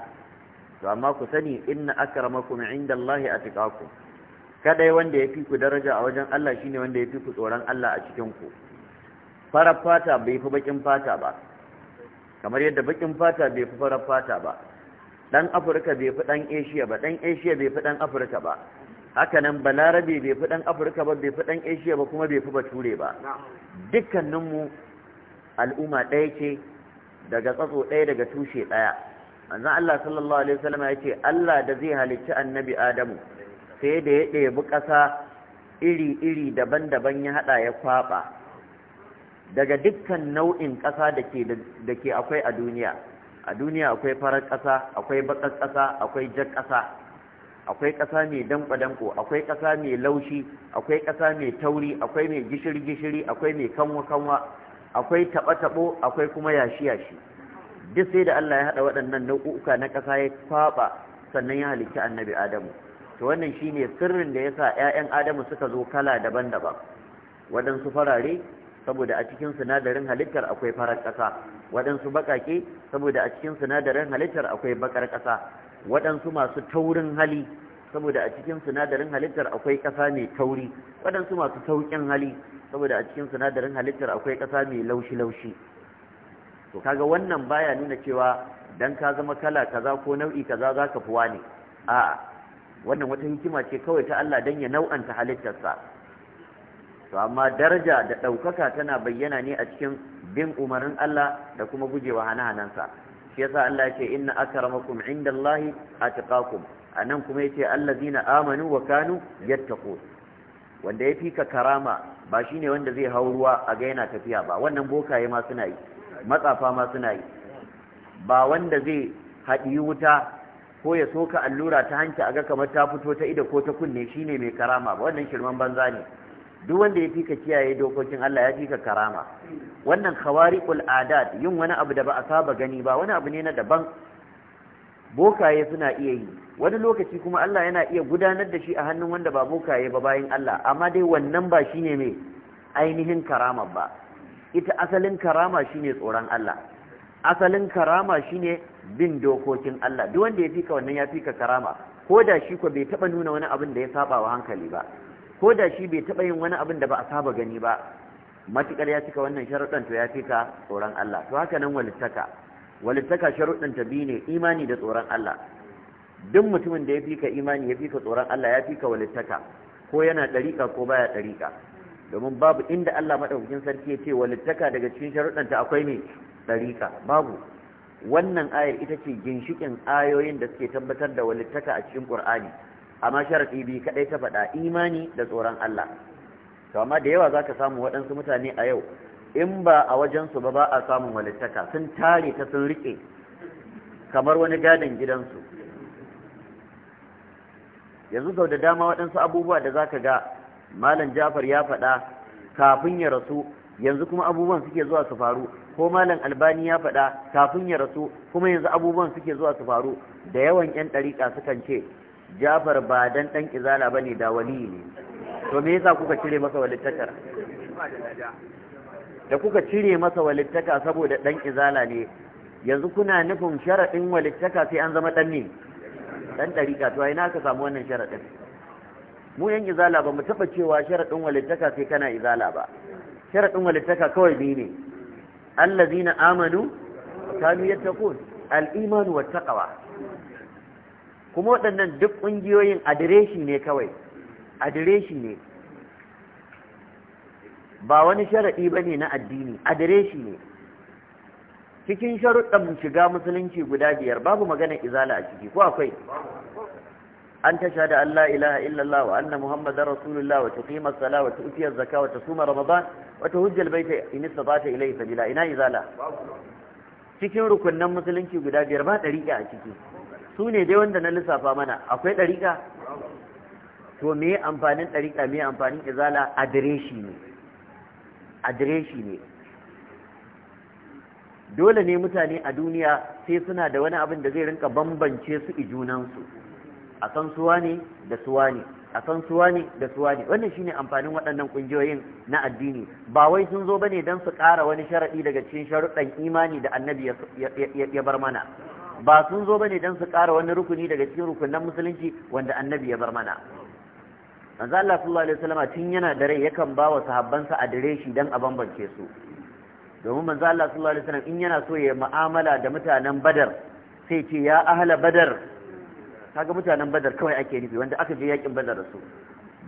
to amma ku sani inna akramakum indallahi atqakum kadai wanda yafi ku daraja a wajen Allah shine wanda yafi ku tsoron Allah a cikin ku fara fata bai fi bakin fata ba kamar yadda bakin fata bai fi farar fata ba dan afirka bai fi dan asia ba dan asia bai fi dan afirka ba haka nan balarabe bai fi dan afirka ba bai fi dan asia ba kuma bai fi bature ba dukkaninmu al'umma ɗaya ce daga tsatso ɗaya daga tushe ɗaya manzon Allah sallallahu alaihi wasallam ya ce Allah da zai halicci annabi Adamu sai da ya ɗebi ƙasa iri-iri daban-daban ya haɗa ya kwaɓa daga dukkan nau'in ƙasa da ke akwai a duniya a duniya akwai farar ƙasa akwai baƙar ƙasa akwai jar ƙasa akwai ƙasa mai danko-danko akwai ƙasa mai laushi akwai ƙasa mai tauri akwai mai gishiri-gishiri akwai mai kanwa-kanwa akwai taɓo-taɓo akwai kuma yashi-yashi duk sai da Allah ya haɗa waɗannan nau'uka na ƙasa ya faɓa sannan ya halicci annabi Adamu to wannan shine sirrin da ya sa 'ya'yan Adamu suka zo kala daban-daban waɗansu farare saboda a cikin sinadarin halittar akwai farar ƙasa waɗansu baƙaƙe saboda a cikin sinadarin halittar akwai baƙar ƙasa waɗansu masu taurin hali saboda a cikin sinadarin halittar akwai ƙasa mai tauri waɗansu masu sauƙin hali saboda a cikin sinadarin halittar akwai ƙasa mai laushi-laushi to kaga wannan baya nuna cewa dan ka zama kala kaza ko nau'i kaza za ka fuwa ne a'a wannan wata hikima ce kawai ta Allah dan ya nau'anta halittarsa to amma daraja da ɗaukaka tana bayyana ne a cikin bin umarnin Allah da kuma gujewa hana-hanansa shi yasa Allah yake inna akramakum indallahi atqakum anan kuma yace allazina amanu wa kanu yattaqun wanda ya fika karama ba shine wanda zai hau ruwa a ga yana tafiya ba wannan bokaye ma suna yi matsafa ma suna yi ba wanda zai haɗi wuta ko ya soka allura ta hanci a ga kamar ta fito ta ido ko ta kunne shine mai karama ba wannan shirman banza ne duk wanda ya fika kiyaye dokokin Allah ya fika karama wannan khawariqul adad yin wani abu da ba a saba gani ba wani abu ne na daban bokaye suna iya yi wani lokaci kuma Allah yana iya gudanar da shi a hannun wanda ba bokaye ba bayin Allah amma dai wannan ba shine mai ainihin karama ba ita asalin karama shine tsoron Allah asalin karama shine bin dokokin Allah duk wanda ya fika wannan ya fika karama ko da shi ko bai taba nuna wani abin da ya saba wa hankali ba ko da shi bai taɓa yin wani abin da ba a saba gani ba matuƙar ya cika wannan sharuɗan to ya fi tsoron Allah to haka nan walittaka walittaka sharuɗan ta biyu ne imani da tsoron Allah duk mutumin da ya fi ka imani ya fi ka tsoron Allah ya fi ka walittaka ko yana ɗariƙa ko baya ɗariƙa domin babu inda Allah maɗaukakin sarki ya ce walittaka daga cikin sharuɗan ta akwai ne ɗariƙa babu wannan ayar ita ce ginshiƙin ayoyin da suke tabbatar da walittaka a cikin Qur'ani amma sharadi biyu kaɗai ta faɗa imani da tsoron Allah to amma da yawa zaka samu waɗansu mutane a yau in ba a wajensu ba ba a samun walittaka sun tare ta sun rike kamar wani gadon gidansu yanzu sau da dama waɗansu abubuwa da zaka ga malam jafar ya faɗa kafin ya rasu yanzu kuma abubuwan suke zuwa su faru ko malam albani ya faɗa kafin ya rasu kuma yanzu abubuwan suke zuwa su faru da yawan 'yan ɗariƙa sukan ce jafar ba dan dan izala bane da wali ne to me yasa kuka cire masa walittaka da kuka cire masa walittaka saboda dan izala ne yanzu kuna nufin sharadin walittaka sai an zama dan ne dan dariƙa to ai na ka samu wannan sharadin mu yan izala ba mu taba cewa sharadin walittaka sai kana izala ba sharadin walittaka kawai bi ne allazina amanu kanu yattaqun al-iman wa taqwa kuma waɗannan duk ƙungiyoyin adireshi ne kawai adireshi ne ba wani sharaɗi ba ne na addini adireshi ne cikin sharuɗan shiga musulunci guda biyar babu magana izala a ciki ko akwai an tasha da Allah ilaha illallah wa anna muhammadar rasulullah wa tuqima as-sala wa tu'ti az-zaka wa tasuma ramadan wa tahujja al-bayta in istata ilayhi sabila ina izala cikin rukunnan musulunci guda biyar ba dariƙa a ciki su ne dai wanda na lissafa mana akwai ɗariƙa to me amfanin ɗariƙa me amfanin izala adireshi ne adireshi ne dole ne mutane a duniya sai suna da wani abin da zai rinka bambance su junansu? a san suwa ne da suwa ne a san suwa ne da suwa ne wannan shine amfanin waɗannan ƙungiyoyin na addini ba wai sun zo bane don su ƙara wani sharaɗi daga cikin sharuɗan imani da annabi ya bar mana ba sun zo bane dan su ƙara wani rukuni daga cikin rukunan musulunci wanda annabi ya bar mana manzo Allah sallallahu alaihi wasallam tun yana da rai yakan ba wa sahabbansa adireshi dan a bambance su domin manzo Allah sallallahu alaihi wasallam in yana so ya mu'amala da mutanen Badar sai ce ya ahla Badar kaga mutanen Badar kawai ake nufi wanda aka je yakin Badar da su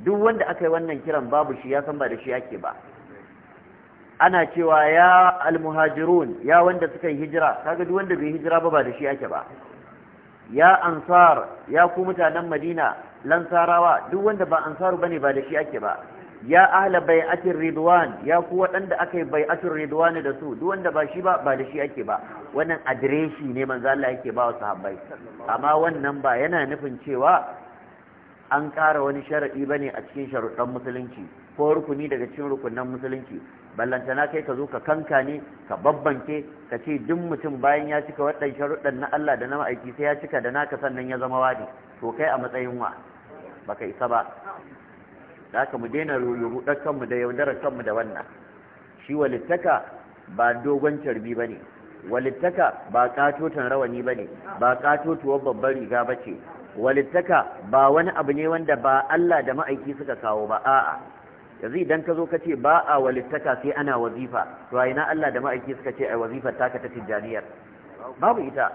duk wanda aka yi wannan kiran babu shi ya san ba da shi ake ba ana cewa ya almuhajirun ya wanda suka yi hijira kaga duk wanda bai hijira ba ba da shi ake ba ya ansar ya ku mutanen madina lansarawa duk wanda ba ansaru bane ba da shi ake ba ya ahla bai'atir ridwan ya ku waɗanda aka yi bai'atir ridwan da su duk wanda ba shi ba ba da shi ake ba wannan adireshi ne manzo Allah yake ba wa sahabbai amma wannan ba yana nufin cewa an ƙara wani sharadi bane a cikin sharuɗan musulunci ko rukuni daga cikin rukunan musulunci ballantana kai ka zo ka kanka ne ka babbanke ka ce duk mutum bayan ya cika waɗannan sharuɗan na Allah da na ma'aiki sai ya cika da naka sannan ya zama wadi to kai a matsayin wa baka isa ba da haka mu daina ruɗar kanmu da yaudarar kanmu da wannan shi walittaka ba dogon carbi ba ne walittaka ba katoton rawani ba ne ba katotuwar babban riga ba ce walittaka ba wani abu ne wanda ba Allah da ma'aiki suka kawo ba a'a yanzu idan ka zo ka ce ba a walittaka sai ana wazifa to a ina Allah da ma'aiki suka ce a wazifar taka ta tijjaniyar babu ita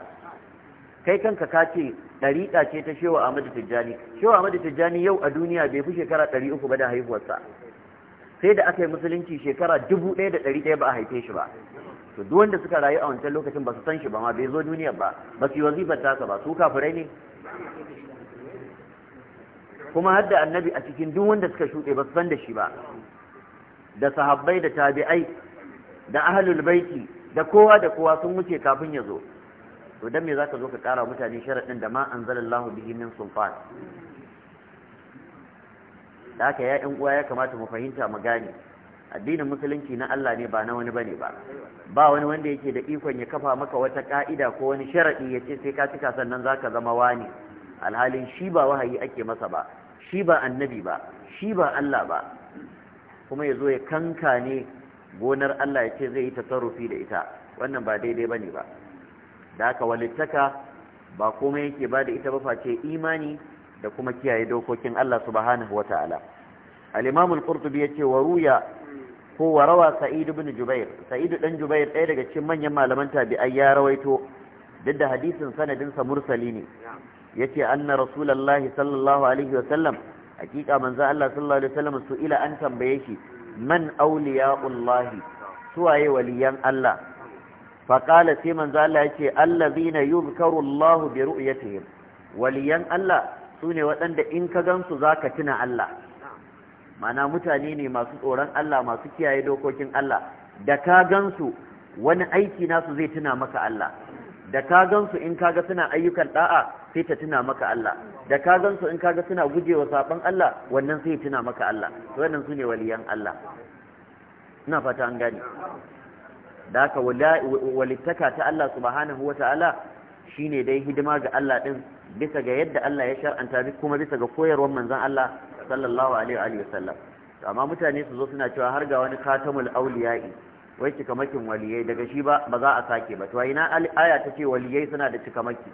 kai kanka ka ce ɗariƙa ce ta shewa Ahmadu Tijjani shewa Ahmadu Tijjani yau a duniya bai fi shekara ɗari uku ba da haihuwarsa sai da aka musulunci shekara dubu ɗaya da ɗari ɗaya ba a haife shi ba to duk wanda suka rayu a wancan lokacin ba su san shi ba ma bai zo duniyar ba ba su yi wazifar taka ba su kafirai ne kuma hadda annabi a cikin duk wanda suka shuɗe ba su san da shi ba da sahabbai da tabi'ai da ahlul baiti da kowa da kowa sun wuce kafin ya zo to dan me zaka zo ka kara mutane sharadin da ma anzalallahu bihi min sulfan da haka ya ɗan uwa ya kamata mu fahimta mu gane addinin musulunci na Allah ne ba na wani bane ba ba wani wanda yake da ikon ya kafa maka wata ka'ida ko wani sharadi ya ce sai ka cika sannan zaka zama wani alhalin shi ba wahayi ake masa ba shi ba annabi ba shi ba Allah ba kuma ya zo ya kanka ne gonar Allah ya ce zai yi tasarrufi da ita wannan ba daidai ba ne ba da haka walittaka ba komai yake ba da ita ba face imani da kuma kiyaye dokokin Allah subhanahu wata'ala al-imam al-qurtubi yace wa ruya ko wa rawa sa'id ibn jubair sa'id dan jubair ɗaya daga cikin manyan malaman tabi'ai ya rawaito duk da hadisin sanadin sa mursali ne yace na rasulallah sallallahu alaihi wasallam hakika manzo Allah sallallahu alaihi wasallam su ila an tambaye shi man awliya'ullah suwaye waliyan Allah fa qala sai manzo Allah yace allazina yuzkaru Allah bi ru'yatihim waliyan Allah sune waɗanda in ka gansu zaka tuna Allah mana mutane ne masu tsoron Allah masu kiyaye dokokin Allah da ka gansu wani aiki nasu zai tuna maka Allah da ka gansu in kaga suna ayyukan da'a sai ta tuna maka Allah da ka gansu in kaga suna gujewa saban Allah wannan sai tuna maka Allah to wannan sune waliyan Allah ina fata an gane da haka walittaka ta Allah subhanahu wata'ala shine dai hidima ga Allah din bisa ga yadda Allah ya shar'anta kuma bisa ga koyarwar manzon Allah sallallahu alaihi wa sallam amma mutane su zo suna cewa har ga wani khatamul auliya'i wai cikamakin waliyai daga shi ba ba za a sake ba to ina aya ta ce waliyai suna da cikamaki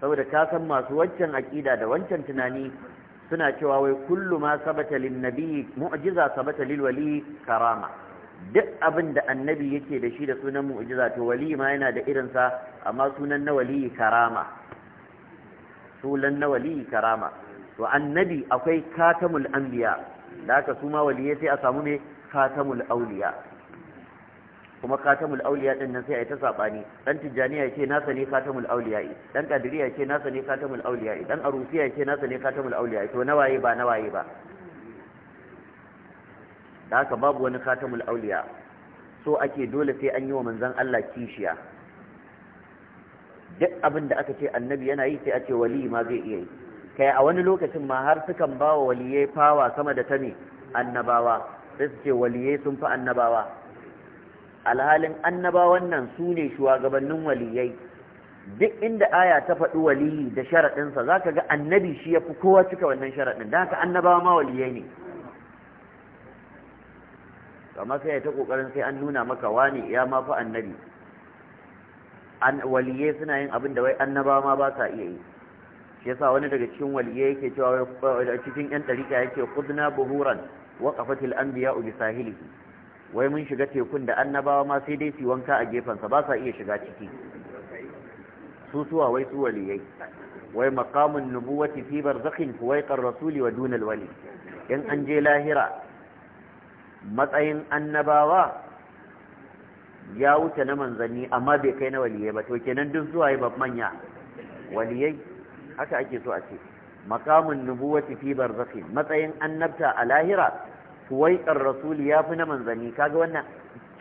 saboda ka san masu wancan aƙida da wancan tunani suna cewa wai kullu ma sabata lin nabiyyi mu'jiza sabata lil wali karama duk abin da annabi yake da shi da sunan mu'jiza to wali ma yana da irin sa amma sunan na wali karama sunan na wali karama to annabi akwai katamul anbiya da haka su ma waliyai sai a samu ne Katamul auliya kuma Katamul auliya din nan sai ai ta sabani dan tijaniya yake nasa ne Katamul auliya dan kadiriya yake nasa ne Katamul auliya dan arusiya yake nasa ne Katamul auliya to nawaye ba nawaye ba da haka babu wani katamul auliya so ake dole sai an yi wa manzon Allah kishiya duk abin da aka ce annabi yana yi sai a ce wali ma zai iya yi kai a wani lokacin ma har sukan ba wa waliyai fawa sama da ta annabawa sai su ce waliyai sun fi annabawa alhalin annabawan nan su ne shugabannin waliyai duk inda aya ta faɗi waliyi da sharaɗinsa za ka ga annabi shi ya fi kowa cika wannan sharaɗin don haka annabawa ma waliyai ne kamar sai ta ƙoƙarin sai an nuna maka wani ya ma fi annabi waliyai suna yin abin da wai annabawa ma ba sa iya yi shi yasa wani daga cikin waliyai yake cewa cikin yan ɗarika yake kudna buhuran waqafatil anbiya'u bi sahilihi wai mun shiga tekun da annabawa ma sai dai su wanka a gefansa ba sa iya shiga ciki su suwa wai su waliyai wai maqamun nubuwati fi barzakhin fuwaiqar rasuli wa dunal wali in an je lahira matsayin annabawa ya wuce na manzanni amma bai kai na waliyai ba to kenan duk zuwa ba manya waliyai haka ake so a ce makamun nubuwati fi barzakhin matsayin annabta a lahira suwaiƙar rasuli ya fi na manzanni kaga wannan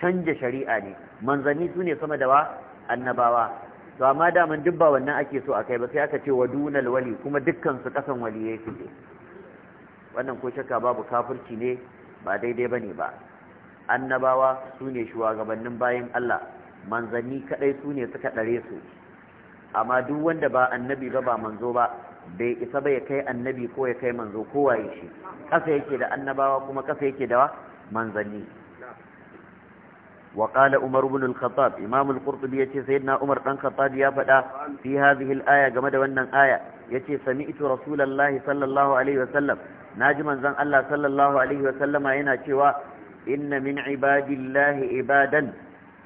canja shari'a ne manzanni su ne sama da wa annabawa to amma daman duk ba wannan ake so a kai ba sai aka ce wa dunal wali kuma dukkan su kasan wali ya ne wannan ko shakka babu kafirci ne ba daidai ne ba annabawa su ne shugabannin bayan Allah manzanni kadai su ne suka dare su amma duk wanda ba annabi ba ba manzo ba bai isa ba ya kai annabi ko ya kai manzo kowa shi kafa yake da annabawa kuma kasa yake da manzanni وقال عمر بن الخطاب امام القرطبي يتي سيدنا عمر بن الخطاب يا فدا في هذه الايه game da wannan aya yace sami'tu rasulullahi sallallahu alaihi wasallam naji manzon Allah sallallahu alaihi wasallam yana cewa inna min ibadillahi ibadan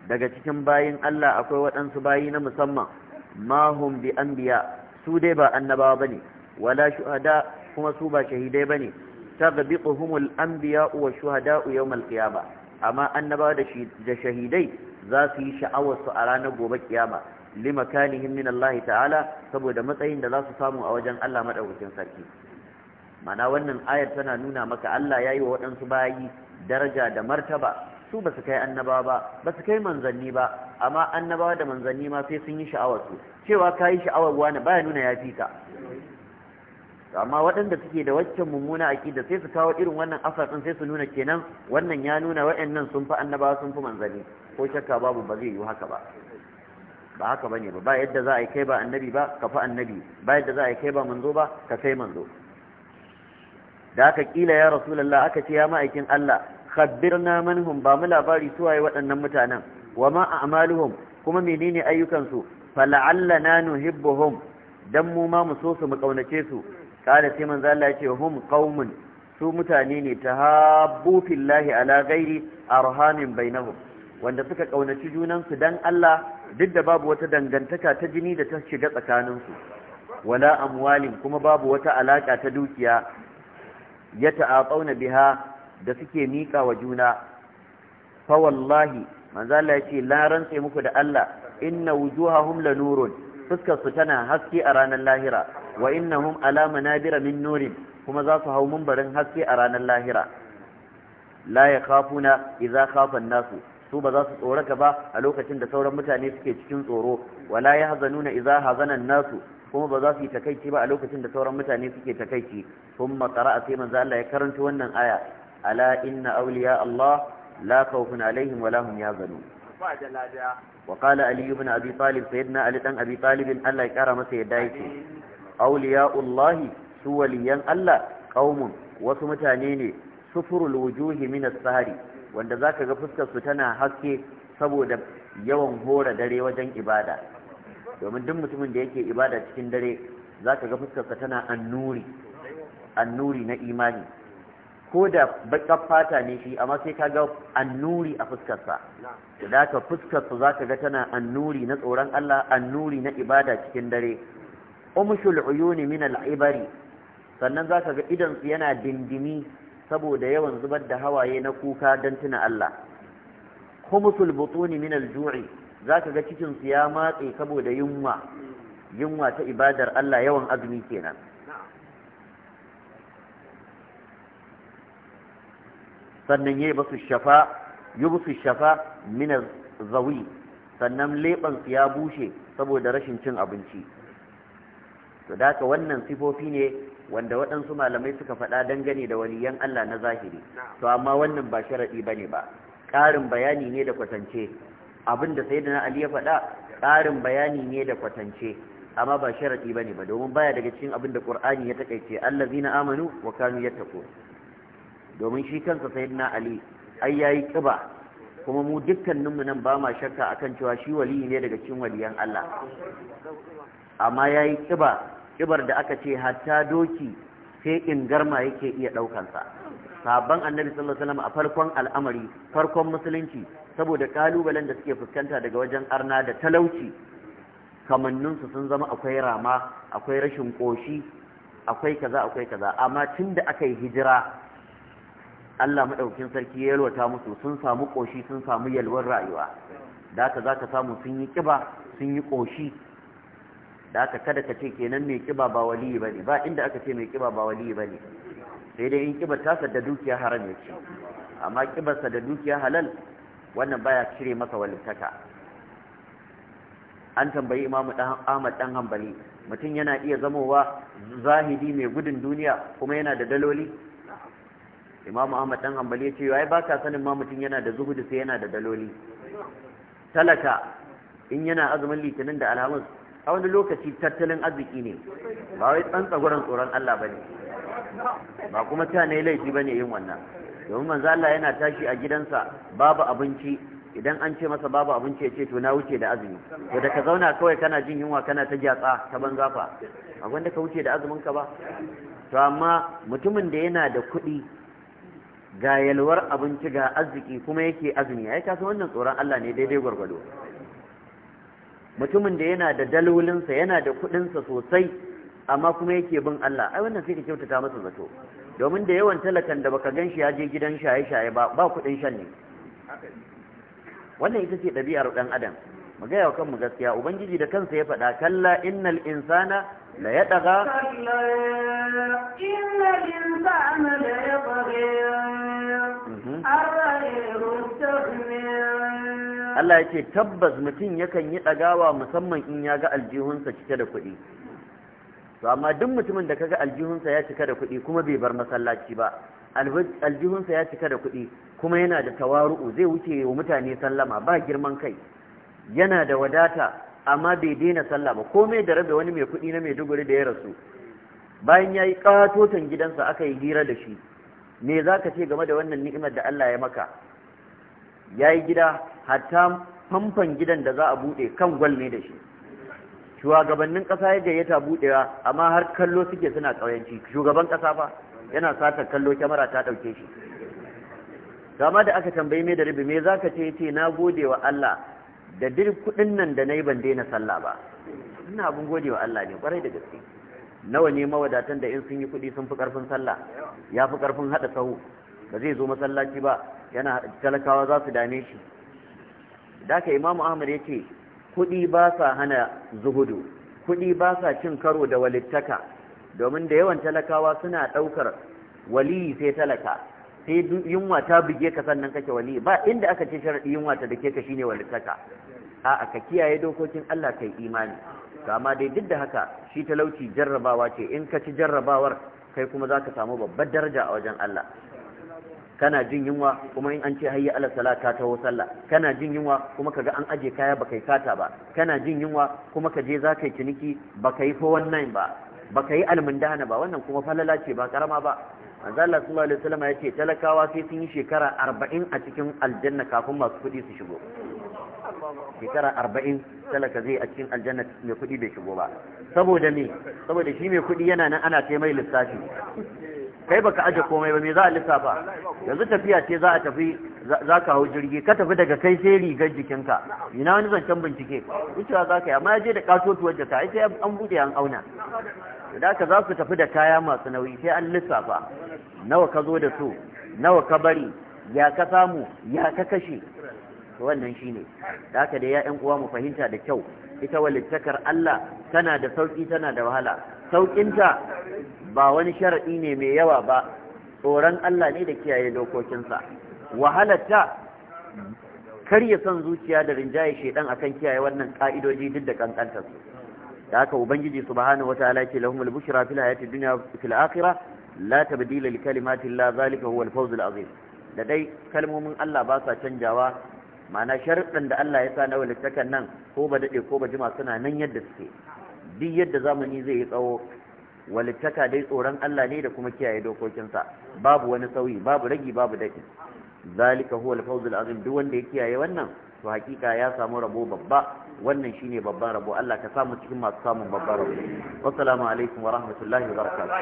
daga cikin bayin Allah akwai waɗansu bayi na musamman ma hum bi anbiya su dai ba annabawa bane wala shuhada kuma su ba shahidai bane taghbiquhumul anbiya'u wa shuhada'u yawmal qiyama amma annabawa da shahidai za su yi sha'awar su a ranar gobe kiyama limakanihim min Allah ta'ala saboda matsayin da za su samu a wajen Allah madaukakin sarki mana wannan ayar tana nuna maka Allah yayi wa waɗansu bayi daraja da martaba su ba su kai annaba ba ba su kai manzanni ba amma annabawa da manzanni ma sai sun yi sha'awar su cewa ka yi sha'awar wani baya nuna ya fi ka amma waɗanda suke da waccan mummuna a aƙida sai su kawo irin wannan asar asasin sai su nuna kenan wannan ya nuna waɗannan sun fi annabawa sun fi manzanni ko shakka babu ba zai yi haka ba ba haka bane ba ba yadda za a yi kai ba annabi ba ka fi annabi ba yadda za a yi kai ba manzo ba ka kai manzo da aka kila ya rasulallah aka ce ya ma'aikin Allah khabbirna manhum ba mu labari su waye waɗannan mutanen wa ma a'maluhum kuma menene ayyukansu fala'allana nuhibbuhum dan mu ma mu so su mu kaunace su kada sai manzo Allah ya ce hum qaumun su mutane ne tahabbu fillahi ala ghairi arhamin bainahum wanda suka kaunaci junan su dan Allah duk da babu wata dangantaka ta jini da ta shiga tsakanin su wala amwalin kuma babu wata alaka ta dukiya ya ta'aqauna biha da suke miƙa wa juna fa wallahi manzo Allah yace la rantse muku da Allah inna wujuhahum la nurun fuskar su tana haske a ranar lahira wa innahum ala manabira min nurin kuma za su hau mumbarin haske a ranar lahira la yakhafuna idza khafa nasu su ba za su tsoraka ba a lokacin da sauran mutane suke cikin tsoro wala yahzanuna idza hazana an-nasu kuma ba za su yi takaici ba a lokacin da sauran mutane suke takaici sun makara sai manzo Allah ya karanta wannan aya ألا إن أولياء الله لا خوف عليهم ولا هم يحزنون وقال علي بن أبي طالب سيدنا علي بن أبي طالب الله يكرم سيدايتي أولياء الله سوى ليان الله قوم وسمتانين سفر الوجوه من السهر wanda za ka ga fuskarsu tana haske saboda yawan hora dare wajen ibada domin duk mutumin da yake ibada cikin dare za ka ga fuskarsa tana annuri annuri na imani ko da baƙar fata ne shi amma sai ka ga annuri a fuskarsa da ka fuskarsa za ka ga tana annuri na tsoron Allah annuri na ibada cikin dare umshul uyuni min ibari sannan za ka ga su yana dindimi saboda yawan zubar da hawaye na kuka don tuna Allah humusul butuni min al-ju'i za ka ga cikin su ya matse saboda yunwa yunwa ta ibadar Allah yawan azumi kenan sannan ya basu shafa yi basu shafa mina zawi sannan leɓansu ya bushe saboda rashin cin abinci to da haka wannan sifofi ne wanda waɗansu malamai suka faɗa dangane da waliyan Allah na zahiri to amma wannan ba sharaɗi ba ne ba ƙarin bayani ne da kwatance abin da sai na Ali ya faɗa ƙarin bayani ne da kwatance amma ba sharaɗi ba ne ba domin baya daga cikin abin da ƙur'ani ya taƙaice allazina amanu wa kanu yattaqun domin shi kansa sai na ali ai yayi kiba kuma mu dukkaninmu nan ba ma shakka akan cewa shi wali ne daga cikin waliyan Allah amma yayi kiba kibar da aka ce hatta doki sai in garma yake iya ɗaukansa sabon annabi sallallahu alaihi wasallam a farkon al'amari farkon musulunci saboda kalubalen da suke fuskanta daga wajen arna da talauci kamanninsu sun zama akwai rama akwai rashin koshi akwai kaza akwai kaza amma tun da aka yi hijira Allah maɗaukin sarki ya yalwata musu sun samu ƙoshi sun samu yalwar rayuwa da ka za ka samu sun yi ƙiba sun yi ƙoshi da ka kada ka ce kenan mai ƙiba ba waliyi ba ne ba inda aka ce mai ƙiba ba waliyi ba ne sai dai in ƙiba ta da dukiya haram ya ce amma ƙibarsa da dukiya halal wannan baya cire masa walittaka an tambayi imamu ahmad ɗan hanbali mutum yana iya zamowa zahidi mai gudun duniya kuma yana da daloli imam ahmad dan ya yace wai ba ka sanin ma mutum yana da zuhudu sai yana da daloli talaka in yana azumin litinin da alhamis a wani lokaci tattalin arziki ne ba wai tsantsa gurin tsoron Allah bane ba kuma ta ne laifi bane yin wannan domin manzo Allah yana tashi a gidansa babu abinci idan an ce masa babu abinci ya ce to na wuce da azumi to da ka zauna kawai kana jin yunwa kana ta gyatsa ta banza fa a wanda ka wuce da azumin ka ba to amma mutumin da yana da kuɗi ga yalwar abinci ga arziki kuma yake azumi ai kasa wannan tsoron Allah ne daidai gwargwado mutumin da yana da dalolinsa yana da kuɗinsa sosai amma kuma yake bin Allah ai wannan sai ka kyautata masa zato domin da yawan talakan da baka gan shi ya je gidan shaye-shaye ba ba kuɗin shan ne wannan ita ce dabi'ar dan adam mu gaya wa kanmu gaskiya ubangiji da kansa ya faɗa kalla innal insana Da ya daga mhm. Allah ya ce tabbas mutum yakan yi ɗagawa musamman in ya ga aljihunsa cike da kuɗi to amma duk mutumin da kaga aljihunsa ya cika da kuɗi kuma bai bar masallaci ba aljihunsa ya cika da kuɗi kuma yana da tawaru'u zai wuce wa mutane sallama ba girman kai yana da wadata amma bai daina sallah ba komai da rabe wani mai kuɗi na mai maiduguri da ya rasu bayan ya yi ƙatoton gidansa aka yi hira da shi me za ka ce game da wannan ni'imar da Allah ya maka ya yi gida hatta famfan gidan da za a buɗe kan gwal ne da shi shugabannin ƙasa ya gayyata buɗewa amma har kallo suke suna ƙauyanci shugaban ƙasa fa yana satar kallo kyamara ta ɗauke shi gama da aka tambayi mai da ribi me za ka ce ce na gode wa Allah da duk kuɗin nan da na yi ban daina sallah ba ina abin godewa Allah ne kwarai da gaske nawa ne mawadatan da in sun yi kuɗi sun fi ƙarfin sallah ya fi ƙarfin haɗa sahu ba zai zo masallaci ba yana talakawa za su dame shi da ka imamu ahmad ya ce kuɗi ba sa hana zuhudu kuɗi ba sa cin karo da walittaka domin da yawan talakawa suna ɗaukar waliyi sai talaka sai yunwa ta buge ka sannan kake wali ba inda aka ce sharadi yunwa ta dake ka shine a a'a ka kiyaye dokokin Allah kai imani to amma dai duk da haka shi talauci jarrabawa ce in ka ci jarrabawar kai kuma zaka samu babbar daraja a wajen Allah kana jin yunwa kuma in an ce hayya ala sala ka taho sallah kana jin yunwa kuma kaga an aje kaya baka yi sata ba kana jin yunwa kuma ka je zaka yi ciniki baka yi fo wannan ba baka yi almundana ba wannan kuma falala ce ba karama ba manzala su alaihi wasallam ya ce talakawa sai sun yi shekara arba'in a cikin aljanna kafin masu kuɗi su shigo shekara arba'in talaka zai a cikin aljanna mai kuɗi bai shigo ba saboda me saboda shi mai kuɗi yana nan ana ce mai lissafi kai baka aje komai ba me za a lissafa yanzu tafiya ce za a tafi za ka hau jirgi ka tafi daga kai sai rigar jikinka ina wani zancen bincike wucewa za ka yi amma ya je da katotuwar jaka ai an buɗe an auna da haka za su tafi da kaya masu nauyi sai an lissafa nawa ka zo da su nawa ka bari ya ka samu ya ka kashe wannan shine da haka da ya uwa mu fahimta da kyau ita walittakar Allah tana da sauƙi tana da wahala ta ba wani sharadi ne mai yawa ba tsoron Allah ne da kiyaye dokokinsa wahalarta karya son zuciya da rinjaye shedan akan kiyaye wannan ka'idoji duk da kankantar su da haka ubangiji subhanahu wataala ce lahumul bushra fil hayati dunya fil akhirah la tabdila li kalimatillah zalika huwa al-fawz al-azim da dai kalmomin Allah ba sa canjawa ma'ana sharuɗan da Allah ya sa na walittakan nan ko ba dade ko ba jima suna nan yadda suke duk yadda zamani zai yi tsawo walittaka dai tsoron Allah ne da kuma kiyaye dokokinsa babu wani sauyi babu ragi babu dadi zalika huwa al-fawz al-azim duk wanda ya kiyaye wannan to hakika ya samu rabo babba wannan shine babban rabo Allah ka samu cikin masu samun babban rabo wassalamu alaikum wa rahmatullahi wa barakatuh